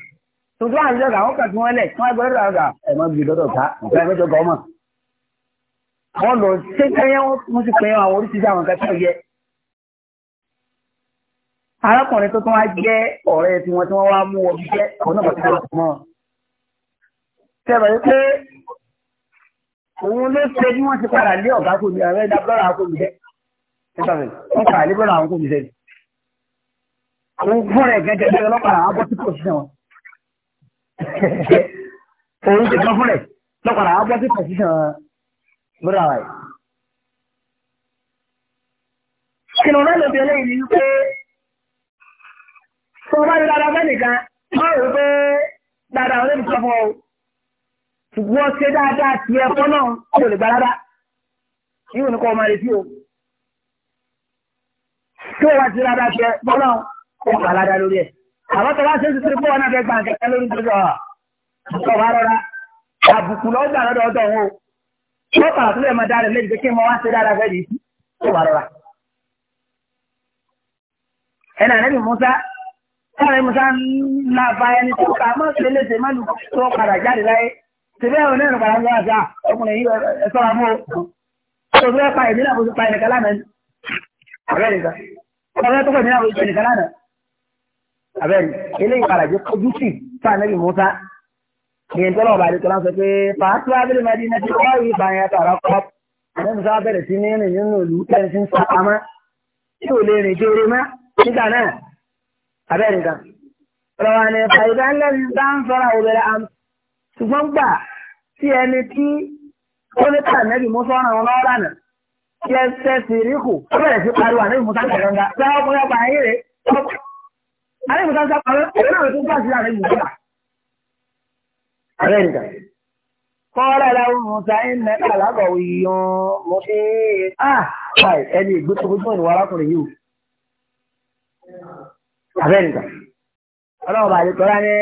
tuntun àti ọ̀gá àwọn kan fi wọ́n lẹ̀ tí wọ́n gbọ́dọ̀ ọ̀gá ẹ̀ mọ́ bí lọ́dọ̀ ká nǹkan ẹgbẹ́ tó gọ́ àwọn lọ ṣé kẹ́yẹ́ wọn mú sí pé àwọn oríṣiríṣi àwọn kan tó yẹ. arákùnrin tó tún wá jẹ́ tí wọ́n tí wọ́n wá mú wọ bíṣẹ́ òun náà bàtà lọ mọ́. ṣé ẹ pé òun ló ṣe bí wọ́n ti padà lé ọ̀gá wọ́n kà ní bọ́lá àwọn kò ní sẹ́yìn. àwọn fúnra ẹ̀ gẹ́gẹ́ bí ọlọ́pàá làwọn bọ́ kò sí sẹ́wọ̀n. òun ti gbọ́ fúnra ẹ̀ lọ́pàá làwọn bọ́ sí kò sí sẹ́wọ̀n bọ́dà wáyé. kìnnìún náà lòdì eléyìí ni wípé tó bá ní dáadáa fẹ́ nìkan máa rò pé dáadáa olóòtú sọ fún ọ ṣùgbọ́n ṣe dáadáa tiẹ̀ fọ́nà ó lè gbà dáadáa yíò ní kọ́ ọ máa retí o kí wọ́n wá ti rárá ṣe bọ́lá ó kà ládá lórí ẹ̀. àwọn tó bá ṣe ti tìrìpọ̀ wọn náà fẹ́ gbà ń kẹ́kẹ́ lórí tó sọ̀rọ̀ tó wá rọra àbùkù lọ́wọ́ gbà lọ́dọ̀ ọ̀dọ̀ wọn o wọ́n kà sílẹ̀ mọ́ dára lẹ́yìn pé kí wọ́n wá ṣe dára fẹ́ yìí tó wá rọra. ẹnà ẹni Musa ẹnì Musa ńlá ba ẹni tó kà má ṣe léṣe má lù tó padà jáde láyé tẹ̀lé ọ̀nà ẹ̀rọ padà ń lọ àṣà ọkùnrin yìí ẹ̀ sọ́ra mọ́ ọ̀rẹ́ tó pẹ̀ ní àwọn ìṣẹ̀lẹ̀ kanáà abẹ́rẹ́ eléyìí ìparajẹ́ kojú sí fáànẹ́lì Musa ní ẹni ọba àdìtọ́lá sọ pé fàátú abẹ́rẹ́ máa di iná tí wọ́n yí ìbànyà tààrà kọ́ ẹni Musa bẹ̀rẹ̀ sí ní rìn nínú ìlú tẹ́ǹsì ń sá pamọ́ tí ò lè rìn kéré mọ́ nígbà náà abẹ́rẹ́ nǹkan. ọ̀rọ̀ ni fàyídá ńlẹ́ni bá ń sọ̀rọ̀ ṣùgbọ́n gbà sí ẹni tí ó ní tàànẹ́lì lẹ́sẹ̀ fìríkù ó bẹ̀rẹ̀ sí pariwo àníbi musa kẹ̀lẹ́ ńgá sáwọn ọmọ ọba ayé rẹ̀ àníbi musa sọ pàrọ̀ èyí náà tún gbàsí àníbi musa. Ààrẹ nìkan. Kọ́lá la musa iná alábọ̀ yíyan mo ṣe é. Ah! Báyìí ẹni ìgbésókòjọ́ ìwà arákùnrin yìí o. Ààrẹ nìkan. Ọlọ́run bàálí tọ́lá ní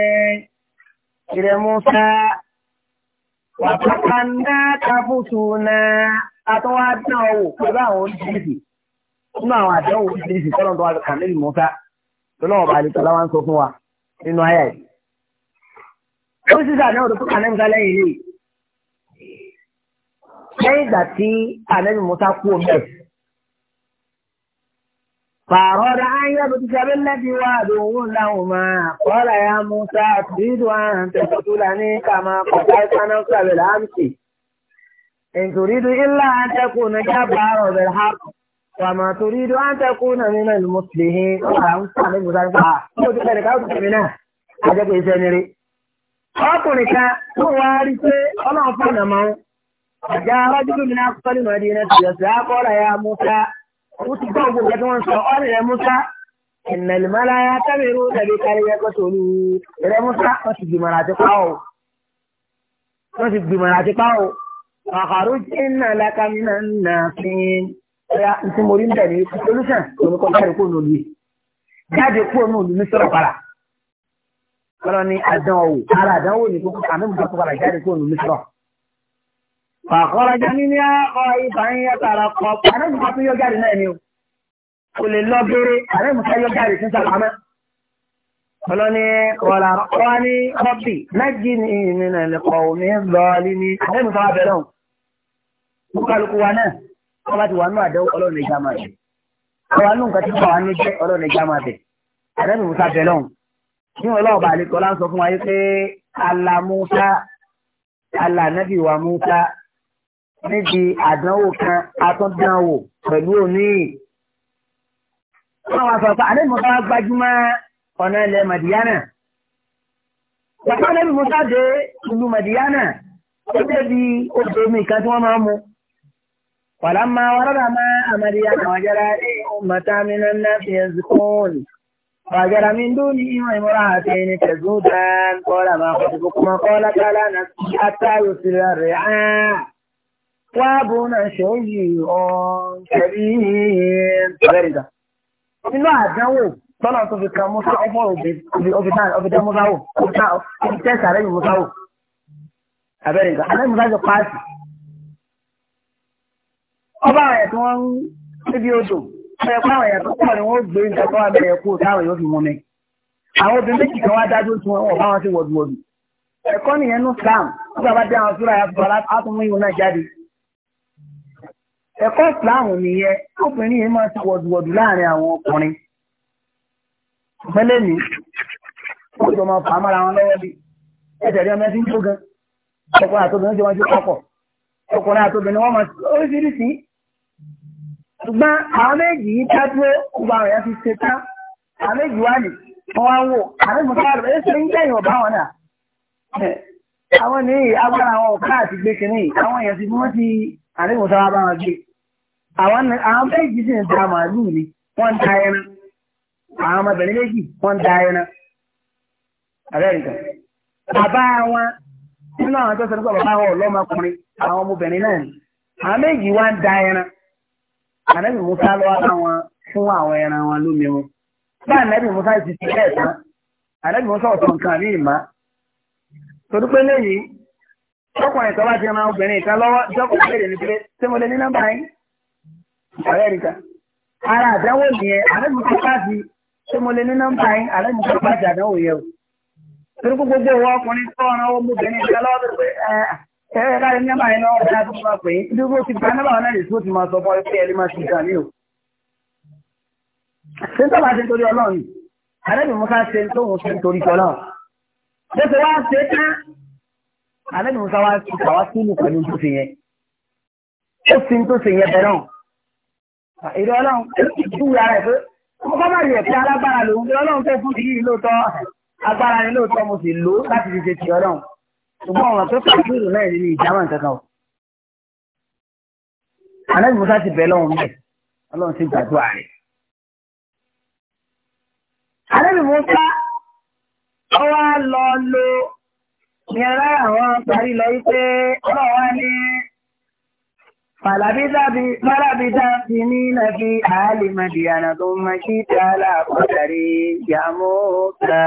ìrẹ̀ musa wàtàkàndá tàbùtù náà àtọwọ́ dán ọ wò pẹ̀lú àwọn oríṣiríṣi nínú àwọn àdánwò oríṣiríṣi tọ́lọ́ tó wà kà níbi mọ́ta tọ́lọ́wọ́ bá lè tọ́lá wá ń sọ fún wa nínú ayé yìí. oríṣiríṣi àdánwò tó kà níbi sálẹ̀ yìí lẹ́yìn ìgbà tí ànẹ́bí mọ́ta kú omi ẹ̀. فأراد أن يبتس بالتي وعدوه لهما قال يا موسى أتريد أن تقتلني كما قتلت نفسا بالأمس إن تريد إلا أن تكون جبار بالحق وما تريد أن تكون من المصلحين وأنصحك بذلك قلت لك أو تكمنا أجب إسانري ọkùnrin kan tó wá rí pé ọlọ́run fọ̀nà mọ́ ọjà arájúlù mi náà kọ́ nínú ẹ̀dínlẹ̀ tí ọ̀sẹ̀ akọ́lá ya musa ó ti gbọ́ gbogbo ẹ̀dínwó ń sọ ọ́nì rẹ̀ musa ìnàlùmọ́lá ya kábíyèrú tàbí káríyẹ kọ́sọ̀lù rẹ̀ musa wọ́n ti gbìmọ̀ àti pa ọ́ wọ́n ti gbìmọ̀ àti pa ọ́ àhàrójínà lákàmínà náà fi ọ̀yà tí mo rí ń bẹ̀ ní solution oníkọ́ jáde kó nù lùi jáde kó nù lùi ní sọ̀rọ̀ para lọ́nà ní àdánwò ara àdánwò ní kókó àmì mùsùlùmí tó para jáde kó nù lùi sọ̀rọ̀. àkọ́rọ́jà ní ní akọ ibà ń yẹ tààrà kọ́ àmì mùsùlùmí tó yọ jáde náà ni o kò lè lọ bèrè àmì mùsùlùmí yọ jáde sí sàlámẹ́. Ọlọ́ni wàlá ọ̀rọ̀ ni rọ́bì, náà jí ni ìmìnà lè kọ̀ òmìnir lọ́ọ́ lé ní àrẹ́mùsọ́ abẹ́rẹ́ òun kúkálukú wa náà wọ́n bá ti wà nù àdéhùn ọlọ́run ìjà máa bẹ̀. ọ̀wá nù nǹkan tí wọ́n wà nù jẹ́ ọlọ́run ìjà máa bẹ̀. àdébì musa bẹ̀ lọ́hùn. ní ọlọ́run bá àlekọ́ lá ń sọ fún wa yìí pé ala musa ala nabi wa musa níbi àdánwò kan atúndánwò pẹ̀lú òní. wọ́n wá sọ pé àdébì musa wá gbajúmọ́ ọ̀nà ilẹ̀ màdìyánà. bàbá àdébì musa dé ìlú màdìyánà ó débi odò omi kan tí wọ́n máa ń فلما ورد ماء مدين وجد أمة من الناس يزكون فجر من دونه امرأتين تزودان قال ما خطبكما قالت لا نسقي حتى يصل الرعاء وابونا شيء كبير غير inú àdánwò tọ́nà tó fi kan mọ́sá ọ̀fọ̀ òbídá mọ́sáwò òbídá tẹ́sà rẹ̀ mọ́sáwò abẹ́rẹ́ ìgbà alẹ́ mọ́sáwò pàṣẹ ọba rẹ̀ tí wọ́n ń níbi odò ọ̀rẹ́ pé àwọn èèyàn tó pọ̀ ni wọ́n gbé nǹkan tó wà bẹ̀rẹ̀ kú táwọn yóò fi mú mi àwọn obìnrin méjì kan wá dájú tí wọ́n wọ̀ bá wọn sí wọ̀dùwọ̀dù ẹ̀kọ́ nìyẹn ní Islam nígbà bá dé àwọn sóra yàtọ̀ átúmúyìn náà jáde ẹ̀kọ́ Islam nìyẹn obìnrin yìí máa ti wọ̀dùwọ̀dù láàrin àwọn ọkùnrin pẹ́lẹ́ mi wọ́n jọ máa fà mọ́ra wọn lọ́wọ́ bí ẹ̀sẹ̀ rí ọmọ ẹ̀sìn ṣùgbọ́n àwọn méjì yìí ká dúró gbogbo àwọn èèyàn fi ṣe tán àwọn méjì wá nì wọ́n wá wò àwọn ìmọ̀ká rẹ̀ ẹ ṣe ń tẹ̀yìn ọ̀bá wọn náà àwọn ní agbára àwọn ọ̀ká àti gbé kìíní àwọn èèyàn ti mú wọn ti àríwòsàn wa bá wọn gbé àwọn méjì sì ń da màálùú ni wọ́n ń da ẹran àwọn ọmọbìnrin méjì wọ́n ń da ẹran abẹ́rẹ́gà bàbá wọn nínú àwọn tó sọ nípa bàbá wọn ọlọ́mọkùnrin àwọn ọmọbìnrin náà ni àwọn méjì wá ń da ẹran ànábì musa lọ́wọ́ àwọn fún àwọn ẹran wọn lómi wọn bá ànábì musa ti ti bẹ́ẹ̀ tán ànábì musa ọ̀tọ̀ nǹkan àbí ìmá torí pé lẹ́yìn ọkùnrin kan bá ti ran obìnrin kan lọ́wọ́ jọ́kùnrin léèrè ní pé ṣé mo lè ní nọ́mbà yín ọ̀rẹ́ nìkan ara àdánwò nìyẹn ànábì musa bá ti ṣé mo lè ní nọ́mbà yín ànábì musa bá ti àdánwò yẹ o torí pé gbogbo ìwọ ọkùnrin tó ọ̀ràn ọmọbìnrin kan lọ́wọ́ Ẹ̀rẹ́ láti é. Bí ó ti gba nọ́bà náà lèṣó ti máa sọ fún ẹgbẹ́ ẹlẹ́mà ti gbà ní o. Ṣé ń tọ́ba ṣe nítorí Ọlọ́run? Àrẹ́bì Musa ṣe ń tóun ṣe nítorí Ọlọ́run. Ṣé ti wá ṣe ká? Àrẹ́bì Musa wá ti kà wá sílù pẹ̀lú tó ṣe yẹn. Ó ti ń tó ṣe yẹn bẹ̀rẹ̀ náà. Èrè Ọlọ́run kú ara ẹ̀ pé mo kọ́ má ṣùgbọ́n ọ̀rọ̀ tó kàn kúrò náà nínú ìjàmà kankan o. Ànábì Musa ti bẹ̀ lọ́wọ́ mẹ́, ọlọ́run ti gbàdúrà rẹ̀. Ànábì Musa ọwọ́ lọ lo yẹra àwọn parí lọ wípé ọlọ́wọ́ ní Fàlàbídá fi ní nàfi àálì Màdìyànà tó máa kí tí aláàkọ́tàrí yàmó ta.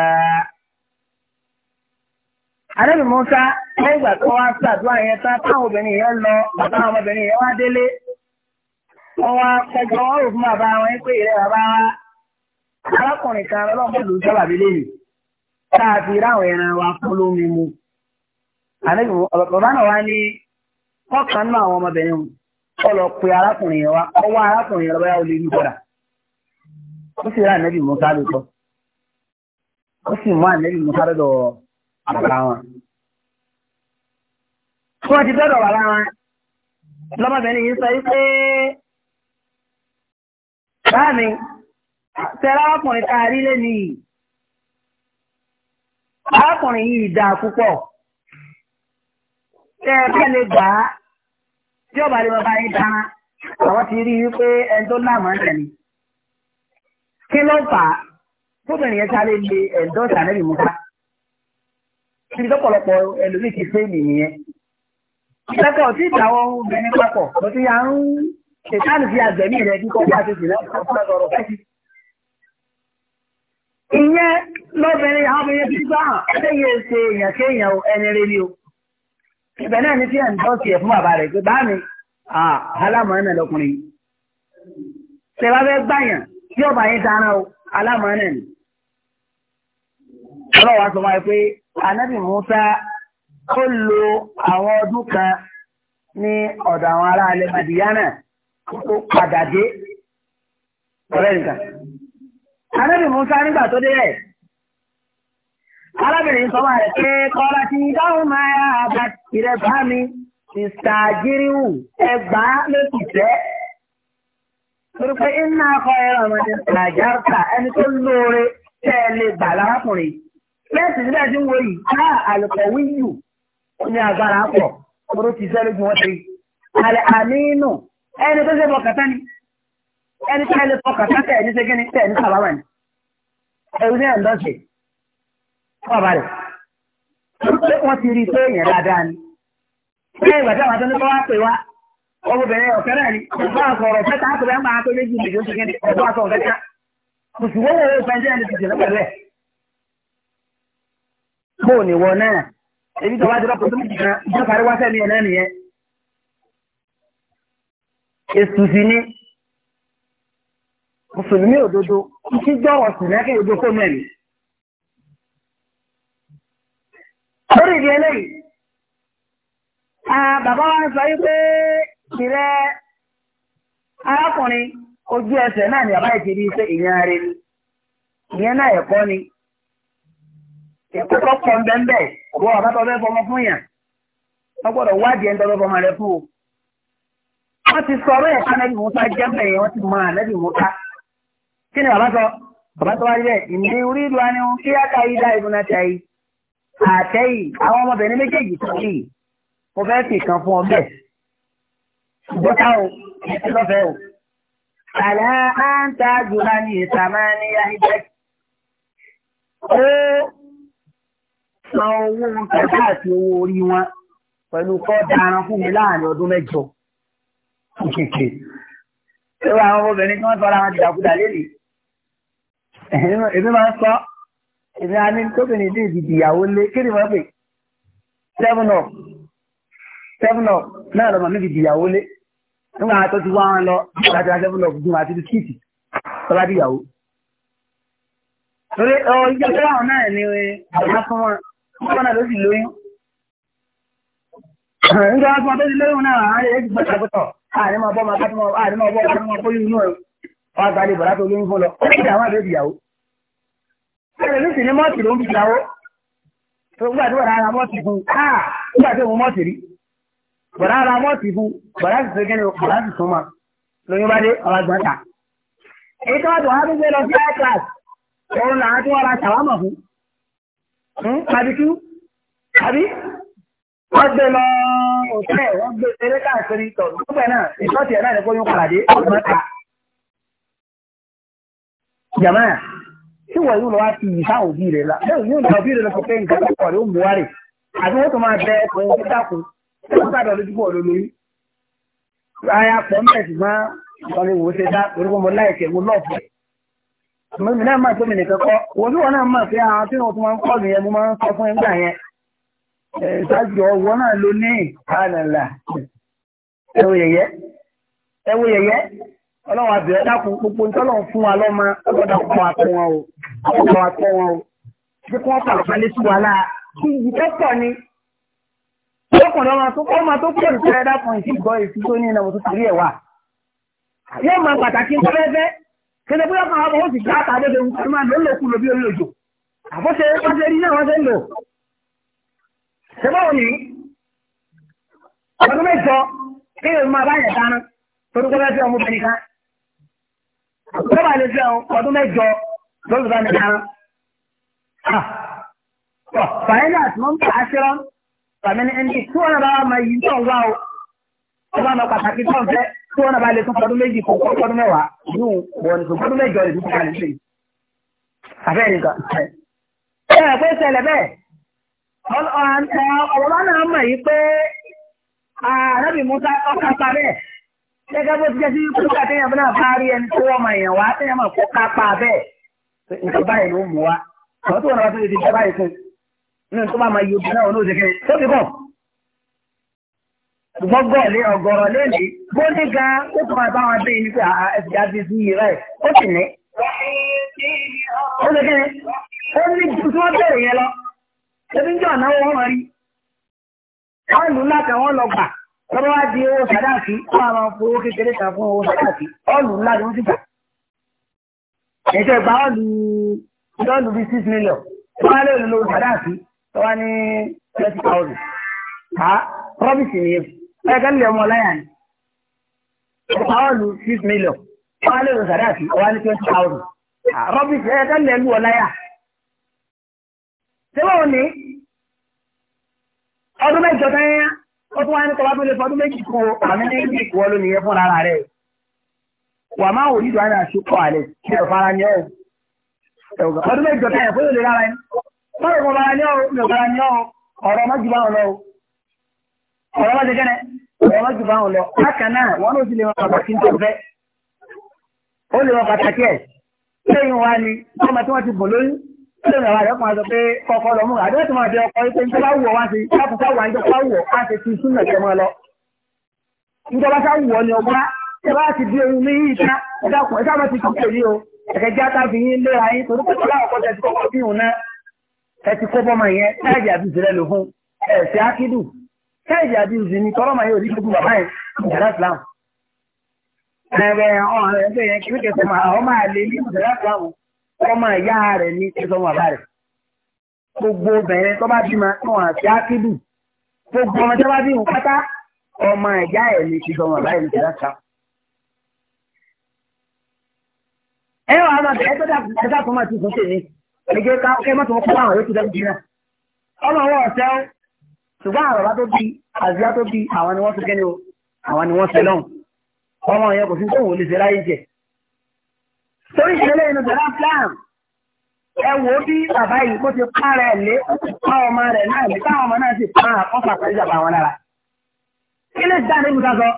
àrẹ́bì Musa lẹ́yìn ìgbà tó wá taa yẹn tán táwọn obìnrin yẹn lọ bàbá àwọn ọmọbìnrin yẹn wá délé wọ́n wá kẹjọ wọ́n rò fún bàbá wọn pé ìrẹ́ bàbá wa arákùnrin kan sábà bí tá a fi ráwọn ẹran wa fún lómi mu. àrẹ́bì bàbá náà wá ní kọ́kàn náà àwọn ọmọbìnrin wọn lọ pe arákùnrin yẹn wá arákùnrin yẹn àbára wọn. Tí wọ́n ti dọ́dọ̀ wà lọ́mọbìnrin yìí sọ wípé báàmì tẹ́lá ọkùnrin tá rí lẹ́nu yìí. Arákùnrin yìí dáa púpọ̀. Tẹ́ ẹ bá lè gbà á tí ọba lè bàbá yín dáná àwọn ti rí wípé ẹni tó láàmú ẹ̀ ni. Kí ló fà á? Fúnbìnrin yẹn sáré lé ẹ̀dọ́ sàlẹ̀ ìmúta ibi tọ́pọ̀lọpọ̀ ẹlòmíì ti fẹ́ nìyẹn. ìtàkà ọ̀tí ìdáwọ́ obìnrin papọ̀ ló ti yà ń ṣètàn fi àgbẹ̀mí rẹ̀ kíkọ́ bá ṣe sílẹ̀ ọ̀pọ̀lọpọ̀ ìyẹn lọ́bìnrin àwọn obìnrin ti gbà hàn lẹ́yìn ṣe èèyàn kéèyàn ẹni rẹ ni o. ibẹ̀ náà ni tí ẹ̀ ń dọ́ọ̀sì ẹ̀ fún bàbá rẹ̀ pé bá mi alámọ̀ọ́nà lọkùnrin. ṣé fẹ́ gbàyàn tí ọba yín dáná ọlọ́wà sọ wáyé pé anábì Musa ó lo àwọn ọdún kan ní ọ̀dọ̀ àwọn ará alẹ́ Madiyana tó padà dé ọ̀rẹ́ nìkan. anábì Musa nígbà tó dé rẹ̀ arábìnrin sọ wáyé pé kọ́lá ti dáhùn máa yá àbá ìrẹ́ bá mi sista jiriwu ẹgbàá lókì tẹ́. torí pé iná akọ ẹ̀rọ ọmọdé ẹni tó lóore tẹ́ ẹ lè gbà lárákùnrin. lẹ́sìn sílẹ̀ tí ń wo yìí ká àlùkọ̀wé yù ní agbára pọ̀ oró ti sẹ́lẹ̀ ju wọ́n ti àlẹ́ àmínú ẹni tó ṣe fọkàtà ni ẹni tó ṣe fọkàtà tẹ̀ ní ṣẹ́gẹ́ni tẹ̀ ní ni ní fún pé wọ́n ti rí i pé èèyàn dáadáa ni ìgbà tí àwọn tó ní wá pè wá ọmọbìnrin ọ̀fẹ́ náà ni àkọ̀rọ̀ máa tó méjì méjì ó bó o ní wọ náà ebi tó wá ti lọ́pọ̀ tó méjì kan ìjọ parí wá sẹ́mi ẹ̀ náà nìyẹn. èsù sí ni mùsùlùmí òdodo títí jọ̀wọ́ sí náà kí ojú kó mẹ́rin. lórí ìdí eléyìí bàbá wa ń sọ wípé ìrẹ́ arákùnrin ojú ẹsẹ̀ náà ni bàbá ìkiri iṣẹ́ ìyẹn rẹ̀ ni ìyẹn náà ẹ̀kọ́ ni ìkókó kan bẹ́ẹ̀ wọ́n ọ̀gá tó fẹ́ fọmọ fún yàn wọ́n gbọ́dọ̀ wádìí ẹni tó fẹ́ fọmọ rẹ fún o. wọ́n ti sọ ọ̀rọ̀ ẹ̀ka nẹ́bí musa jẹ́ bẹ́ẹ̀ yẹn wọ́n ti mọ ànẹ́bí musa. kí ni bàbá sọ bàbá sọ wáyé bẹ́ẹ̀ ìní orí ìlú ani ń kí áka yìí dá ìdúná tẹ yìí àtẹ yìí àwọn ọmọbìnrin méjèèjì tó yìí mo fẹ́ fi kan fún ọ bẹ́ẹ̀. o san owó tàbí àti owó orí wọn pẹ̀lú kọ́ daran fún mi láàrin ọdún mẹ́jọ kéèké. Ṣé wàá àwọn obìnrin tí wọ́n tọ́ra wọn ti dàkúdà lélẹ̀? Èmi máa ń sọ, èmi á ní tóbìnrin dé ìdìdì ìyàwó lé, kí ni wọ́n pè? Seven up, seven up náà lọ́mọ mi dìdì ìyàwó lé. Nígbà tó ti wá wọn lọ, láti ra seven up gun àti bisikíìtì, tọ́lá dìyàwó. Torí ọ̀ ìjọba náà ni àwọn fún wọn ọ̀nà ló sì lóyún. Nígbà wọn tó ti lóyún náà, àárẹ̀ èjì gbọ́dọ̀ gbọ́dọ̀, àárẹ̀ máa bọ́ máa kátó máa àárẹ̀ máa bọ́ máa máa kó inú ẹ̀. Wọ́n á gbalẹ̀ bọ̀dá tó lóyún fún lọ, ó ti dàwọn àbẹ́ ìyàwó. Bẹ́ẹ̀ ló sì ní mọ́ọ̀tì ló ń fi ìyàwó. Tó gbà tó bọ̀dá ara mọ́ọ̀tì fún, áà nígbà tó mú mọ́ọ̀tì rí. Bọ̀dá ara mọ́ọ̀tì fún, bọ̀dá sì ṣe kẹ́ni bọ̀dá sì sún mọ́. Lóyún bá dé ọ̀la gbọ́n Èyí tó wà tó wá tó gbé lọ sí àbíkú hmm? àbí wọ́n gbé lọ òtẹ́ wọ́n gbé eré káàkiri tọ̀ lọ́gbẹ̀ náà ìṣọ́ọ̀tì ẹ̀ náà ni kó yún pàdé ọ̀gbọ́n ta. jàmá tí wọ́n yóò lọ wá fi ìṣá òbí rẹ̀ la bẹ́ẹ̀ yóò lọ bí rẹ̀ lọ sọ nǹkan tó kọ̀ ló mú wọ́n tó máa bẹ ọkùnrin tó dákun tó sàdọ̀ lójú pọ̀ lórí. ayapọ̀ mẹ́sì máa ń sọ mi náà máa tóbi nìkan kọ́ wọ́n tí wọ́n náà máa fi àwọn tí wọ́n tún máa ń kọ́ nìyẹn mo máa ń sọ fún ẹgbà yẹn ṣáàjọ wọ́n náà ló ní àlàlà ẹwọ yẹyẹ ẹwọ yẹyẹ ọlọ́run àbẹ̀rẹ̀ dákun gbogbo ní tọ́lọ́run fún wa lọ́mọ ọlọ́dà kọ́ akọ wọn o ọkọ̀ akọ o ṣé kí wọ́n pàṣẹ lé sí wàhálà kí ìyí tó pọ̀ ni ọkùnrin ọmọ tó kọ́ ọmọ tó kúrò ní sẹ́rẹ́dá kan ìsìnkọ́ èsì tó ní ìnáwó tó torí ẹ̀ wà yóò máa pàtàkì ń tọ́lẹ́fẹ́ kéde bóyá kan àwọn ọmọ ti gbá àtàdé lè wù kàrí máa lò lòkù lòbí orí òjò àbọ́sẹ̀ wọ́n ṣe rí náà wọ́n ṣe ń lò ṣẹ́bọ̀ òní ọdún mẹ́jọ kí èèyàn máa bá yẹn dáná torí kọ́lá sí ọmọbìnrin kan àkọ́bà lè jẹun ọdún mẹ́jọ lórí bá mi dáná. fàyẹ́nà àti mọ́mú àṣírọ́ fàmí ní ẹni tí wọ́n bá máa yí tó ń wá o ọba ọmọ pàtàkì tó ń fẹ́ tí wọ́n náà bá lè tún fọdún méjì kò kọ́ fọdún mẹ́wàá yóò wọ̀ ní fọdún mẹ́jọ rẹ̀ nípa ní sèyí. àbẹ́ ẹ̀ nìkan. ẹ ẹ pé ṣẹlẹ̀ bẹ́ẹ̀ ọ̀rọ̀ náà mọ̀ yìí pé àrẹ́bì musa ọkà pa bẹ́ẹ̀ gẹ́gẹ́ bó ti jẹ́ sí kúkà téèyàn náà bá rí ẹni tó wọ́n mọ̀ èèyàn wá téèyàn mọ̀ kó ká pa bẹ́ẹ̀ nǹkan báyìí ló mú wa àwọn tó wọn náà wá tó lè di ìjọba yìí fún un ní nǹkan bá máa yọ obìnrin náà ó gbọ́gbọ́ ní ọgọ́rọ̀ lónìí bó ní gan ó tún máa bá wọn bí ní pé ah, ah, ẹ̀sìn àti sí yìí rẹ̀ ó sì ní. ó lè kéde ó ní ju tí wọ́n bẹ̀rẹ̀ yẹn lọ ebi ń jọ náwó wọn rí wọn lù ńlá kan wọn lọ gbà lọ́wọ́ wá di owó sàdáàkì wọn àwọn owó kékeré kan fún owó sàdáàkì wọn lù ńlá ni wọ́n ti gbà. ètò ìgbà wọn lù lọ́ọ̀lù bíi six million wọn á lè lò sàdáàkì wọn ní twenty thousand. promise ni ẹ̀ka lè ọmọ láyà ni ọ̀ọ́lù six million ọ̀ọ́ lè rọ̀sàdá àti ọ̀ọ́ ní twenty thousand rọ́bìs ẹ̀ka lè lù ọ láyà. ṣé báwo ni ọdún mẹ́jọ táyà ó tún wá ní tọ́wá tó lè fọdún méjì kó àmì méjì kó ló nìyẹn fún ara rẹ̀ wà máa wò nídìí àná àṣùkọ àlẹ kí ọ̀fà ara ni ọ̀ ọdún mẹ́jọ táyà fún ìlera rẹ̀ báwo ni ọ̀fà ara ni ọ̀ ọ̀rọ̀ ọmọ jù báwọn lọ ọ̀rọ̀ wọn ti kẹ́nẹ̀ ọ̀rọ̀ wọn jù bá wọn lọ bákan náà wọn ló ti lè wọn pàtàkì tó fẹ́ ó lè wọn pàtàkì ẹ̀ lẹ́yìn wa ni ọmọ tí wọ́n ti bò lóyún lẹ́yìn àwọn àdéhùn máa sọ pé kọ́kọ́ lọ mú àdéhùn tí wọ́n ti ọkọ̀ yìí pé nítorí wọ́n wọ̀ wá sí káàkùn sáwọ̀ àyíjọ pa wọ̀ á ti fi súnà jẹ mọ́ lọ. nítorí wọ́n sáwọ̀ ni ọgbà ẹ bá ti di ohun ní yìí ká ẹ dákun ẹ sábà ti kú pèlú o ẹ̀kẹ́ já tá fi yín léra yín torí pé ọlá ọkọ̀ tẹ̀ ti kọ́kọ́ bí òun náà ẹ ti kó bọ́mọ yẹn láì káyìdì àti ìsì ni tọ́rọ màá yóò rí gbogbo bàbá yẹn ìjàdá islam ẹ̀rẹ̀ ọ̀hún ẹgbẹ́ yẹn kí wíkẹ́ sọmọ àwọn máa lè ní ìjàdá islam ọmọ ìyá rẹ̀ ní ìsọmọ bàbá rẹ̀ gbogbo obìnrin tó bá bímọ tó hàn sí ákídù gbogbo ọmọ tó bá bí wọn pátá ọmọ ìyá ẹ̀ ní ìsọmọ bàbá yẹn ní ìjàdá islam. ẹ wà á máa bẹ ẹ tó dà ṣùgbọ́n àwọn bàbá tó bí àzíyá tó bí àwọn ni wọ́n ti kẹ́ni o àwọn ni wọ́n ṣe lọ́hùn ọmọ yẹn kò sí tó wò lè ṣe láyé jẹ. torí ìṣẹ̀lẹ̀ inú tẹ̀lá plan ẹ wò ó bí bàbá yìí kó ti pa rẹ̀ lé ó ti pa ọmọ rẹ̀ náà lé káwọn ọmọ náà ti pa àkọ́fà pẹ̀lú ìjàmbá wọn lára. kí lè dá ní ìgbà sọ?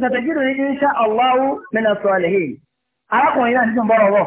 ṣàtẹ̀jì rẹ̀ ní ṣá ọ̀lọ́wọ́ mẹ́nà sọ̀rọ̀ lẹ́yìn arákùnrin náà ti tún bọ́rọ̀ wọ̀.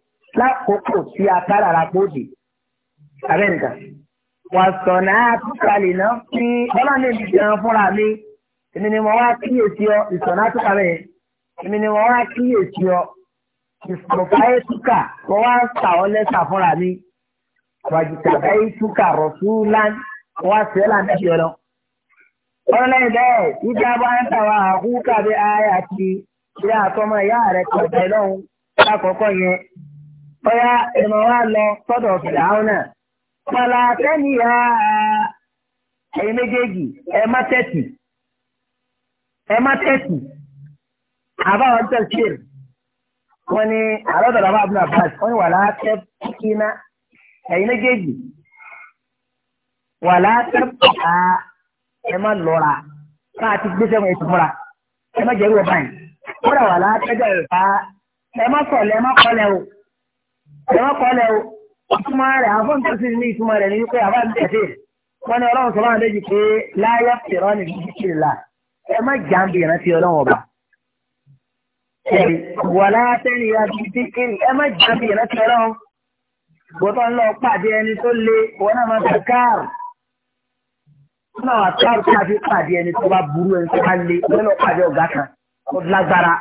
lákòókò sí akárára gbòdì abẹ́ǹkà wàsànà àtúkalẹ̀ náà kí ọlọ́run èmi gan fúnra mi èmi ni mo wá kíyèsí ọ ìsọ̀nà àtúkalẹ̀ èmi ni mo wá kíyèsí ọ ìsọ̀fáyé túkà mo wá ń sà ọ lẹ́sà fúnra mi wàjìtàbáyé túkà rọ̀fúlán wá sí ọ́ láǹdà fi ọ̀nà. ọlọ́run bẹ́ẹ̀ ìjà bá ń tàwa àkúkà bí ayé àti ìyá àtọmọ ìyá rẹ̀ kọ̀ọ̀tẹ̀ lọ́hùn-ún lákọ̀ọ́kọ́ yẹn bóyá ìmọ̀ wa lọ sọ́dọ̀ fìdáhùn náà. Fọlá kẹ́ni ya ẹ̀yin méjèèjì ẹ má tẹ̀sì. Ẹ má tẹ̀sì. Àbáwọn tẹ̀sí rẹ̀. Wọ́n ní àlọ́dọ̀ làwọn àbúrò àbáṣe. Wọ́n ní wàhálà tẹ́ kíná. Ẹ̀yin méjèèjì. Wàhálà tẹ́ kíná. Ẹ má lọ́ra. Káà ti gbé sẹ́wọ̀n ètò múra. Ẹ má jẹ́ ìwọ̀ báyìí. Wọ́n dà wàhálà tẹ́jọ́ ìfà. Ẹ má sọ̀lẹ̀ ẹ má kọ́lẹ̀ o ẹ̀wọ́n kọ́lẹ̀ o ìtumọ̀ rẹ̀ àwọn fún tẹ̀sí ní ìtumọ̀ rẹ̀ ní wípé àbá ń tẹ̀sí wọn ni ọlọ́run sọ̀rọ̀ àlejò pé láyọ̀ fìrọ́ ní bíkìrì la ẹ má jàǹbì ìrántí ọlọ́run ọba wàlá tẹ́lẹ̀ ya bíkìrì ẹ má jàǹbì ìrántí ọlọ́run gbọ́dọ̀ ń lọ pàdé ẹni tó le wọn náà máa fi káàrù náà káàrù tó máa fi pàdé ẹni tó bá burú ẹni tó bá le wọn lọ pàdé ọ̀gá kan ó lágbára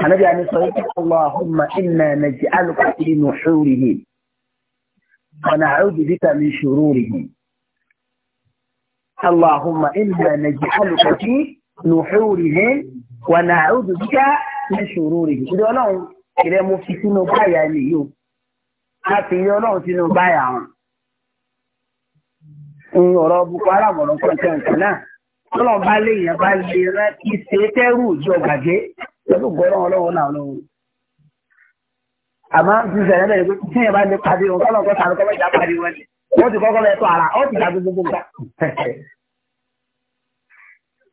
ànábì àmì sọ wípé Allahumma inna naji fi nuhurihim wa na'udhu bika min shururihim. Allahumma inna naj'aluka fi nuhurihim wa na'udhu bika min shururihim. Ìdí ọlọ́run ìrẹ́ mo fi sínú báyà ni yóò. A fi sínú báyà wọn. Ń ọ̀rọ̀ Boko Haram ọ̀rọ̀ kọ̀ọ̀kan náà. bá bá lè rántí ṣe pẹ̀lú gbọ́rọ̀ ọlọ́run náà ọlọ́run. àmọ́ ti a lẹ́yìn pé tí yẹn bá lè pàdé wọn kọ́lọ́ kọ́ sàrùkọ́ mẹ́ta pàdé wọn ni wọ́n ti kọ́kọ́ mẹ́tọ́ ara ó ti dàgbé gbogbo nǹkan.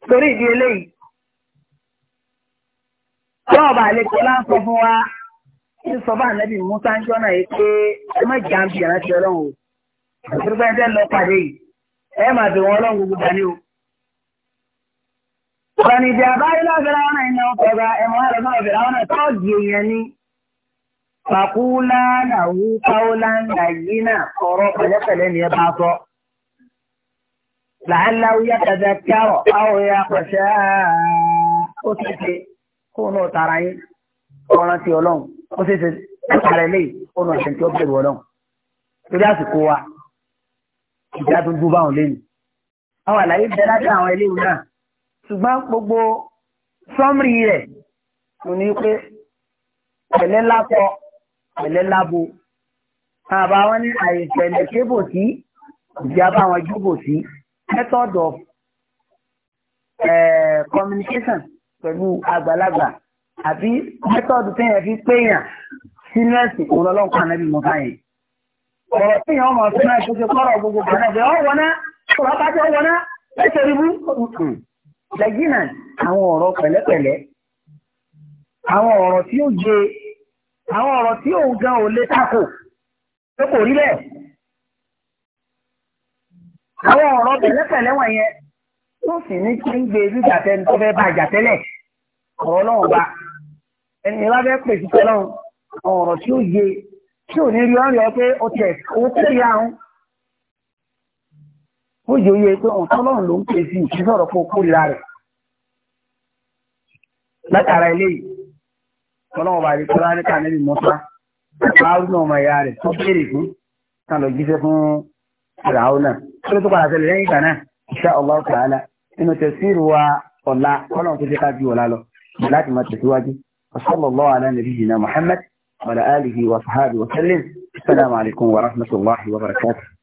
torí ìdí eléyìí tọ́ọ̀bà láǹsọ fún wa ní sọ́bà nẹ́bí musa ń jọ́nà yìí pé ẹ má jà ń ọlọ́run o ẹ Ọ̀rọ̀nìjì àbáyé náà fẹ́ra wọn iná ọ̀pọ̀gba ẹ̀wọ̀n ẹ̀rọ náà fẹ́ra wọn tọ́ọ̀gì èèyàn ni. Fàkúlá làwú Paula ń dà yìí náà ọ̀rọ̀ pẹ̀lẹ́pẹ̀lẹ́ ni ẹ bá sọ. Làálàú yá kẹfẹ́ kẹ́rọ̀ báwo ya pẹ̀ṣẹ́ ó ti ṣe kó náà tara yín ọ̀ràn ti ọlọ́run ó ṣe ṣe ẹ̀kárẹ̀ léyìí ó náà ṣe ń tí bẹ̀rù ọlọ́run. Torí àsìkò wa ìjà tó dúbà wọn lé ṣùgbọ́n gbogbo sọ́mrì rẹ̀ kò ní pé pẹ̀lẹ́ lápọ̀ pẹ̀lẹ́ lábo àbá wọn ní àyè pẹ̀lẹ́ kébò sí ìjà wọn jùbò sí method of communication pẹ̀lú àgbàlagbà àbí method téèyàn fi péyàn sínú ẹ̀sìn òun ọlọ́pàá náà bí mo ká yẹn ọ̀rọ̀ téèyàn ọmọ ọ̀sán náà tó ṣe kọ́rọ̀ gbogbo kan náà bẹ́ẹ̀ ọ̀wọ́ná ọ̀rọ̀ bá jẹ́ ọ̀wọ́ná ẹ̀ṣẹ̀ ribú lẹ́gínà àwọn ọ̀rọ̀ pẹ̀lẹ́pẹ̀lẹ́ àwọn ọ̀rọ̀ tí ó jẹ àwọn ọ̀rọ̀ tí òun gan ò lè tako tó kò rí bẹ́ẹ̀ àwọn ọ̀rọ̀ pẹ̀lẹ́pẹ̀lẹ́ wọ̀nyẹn tó sì ní kí ń gbé ibi jàtẹ́ni tó fẹ́ bá jàtẹ́lẹ̀ ọ̀rọ̀ náà bá ẹni wá fẹ́ pèsè pẹ̀lú àwọn ọ̀rọ̀ tí ó yẹ tí ò ní rí ọ̀rẹ́ ọ pé ó tẹ̀ owó kúrò yá àwọn ó yòóyè pé òun tọ́lọ́run ló ń pè sí ìṣí sọ̀rọ̀ fún okó ìlà rẹ̀ látara eléyìí tọ́lọ́run bá rí tọ́lá níta níbi mọ́sá láàrúnà ọmọ ìyá rẹ̀ tó béèrè fún náà lọ jíṣẹ́ fún ìràwọ̀ náà tó ló tó padà ṣẹlẹ̀ lẹ́yìn ìgbà náà insha Allah ta'ala nínú tẹ̀síìrù wa ọ̀la kọ́lọ̀ tó jẹ́ ká ju ọ̀la lọ láti máa tẹ̀síwájú sallallahu ala nabiyyina Muhammad wa ala alihi wa sahbihi wa sallam assalamu alaikum wa rahmatullahi wa barakatuh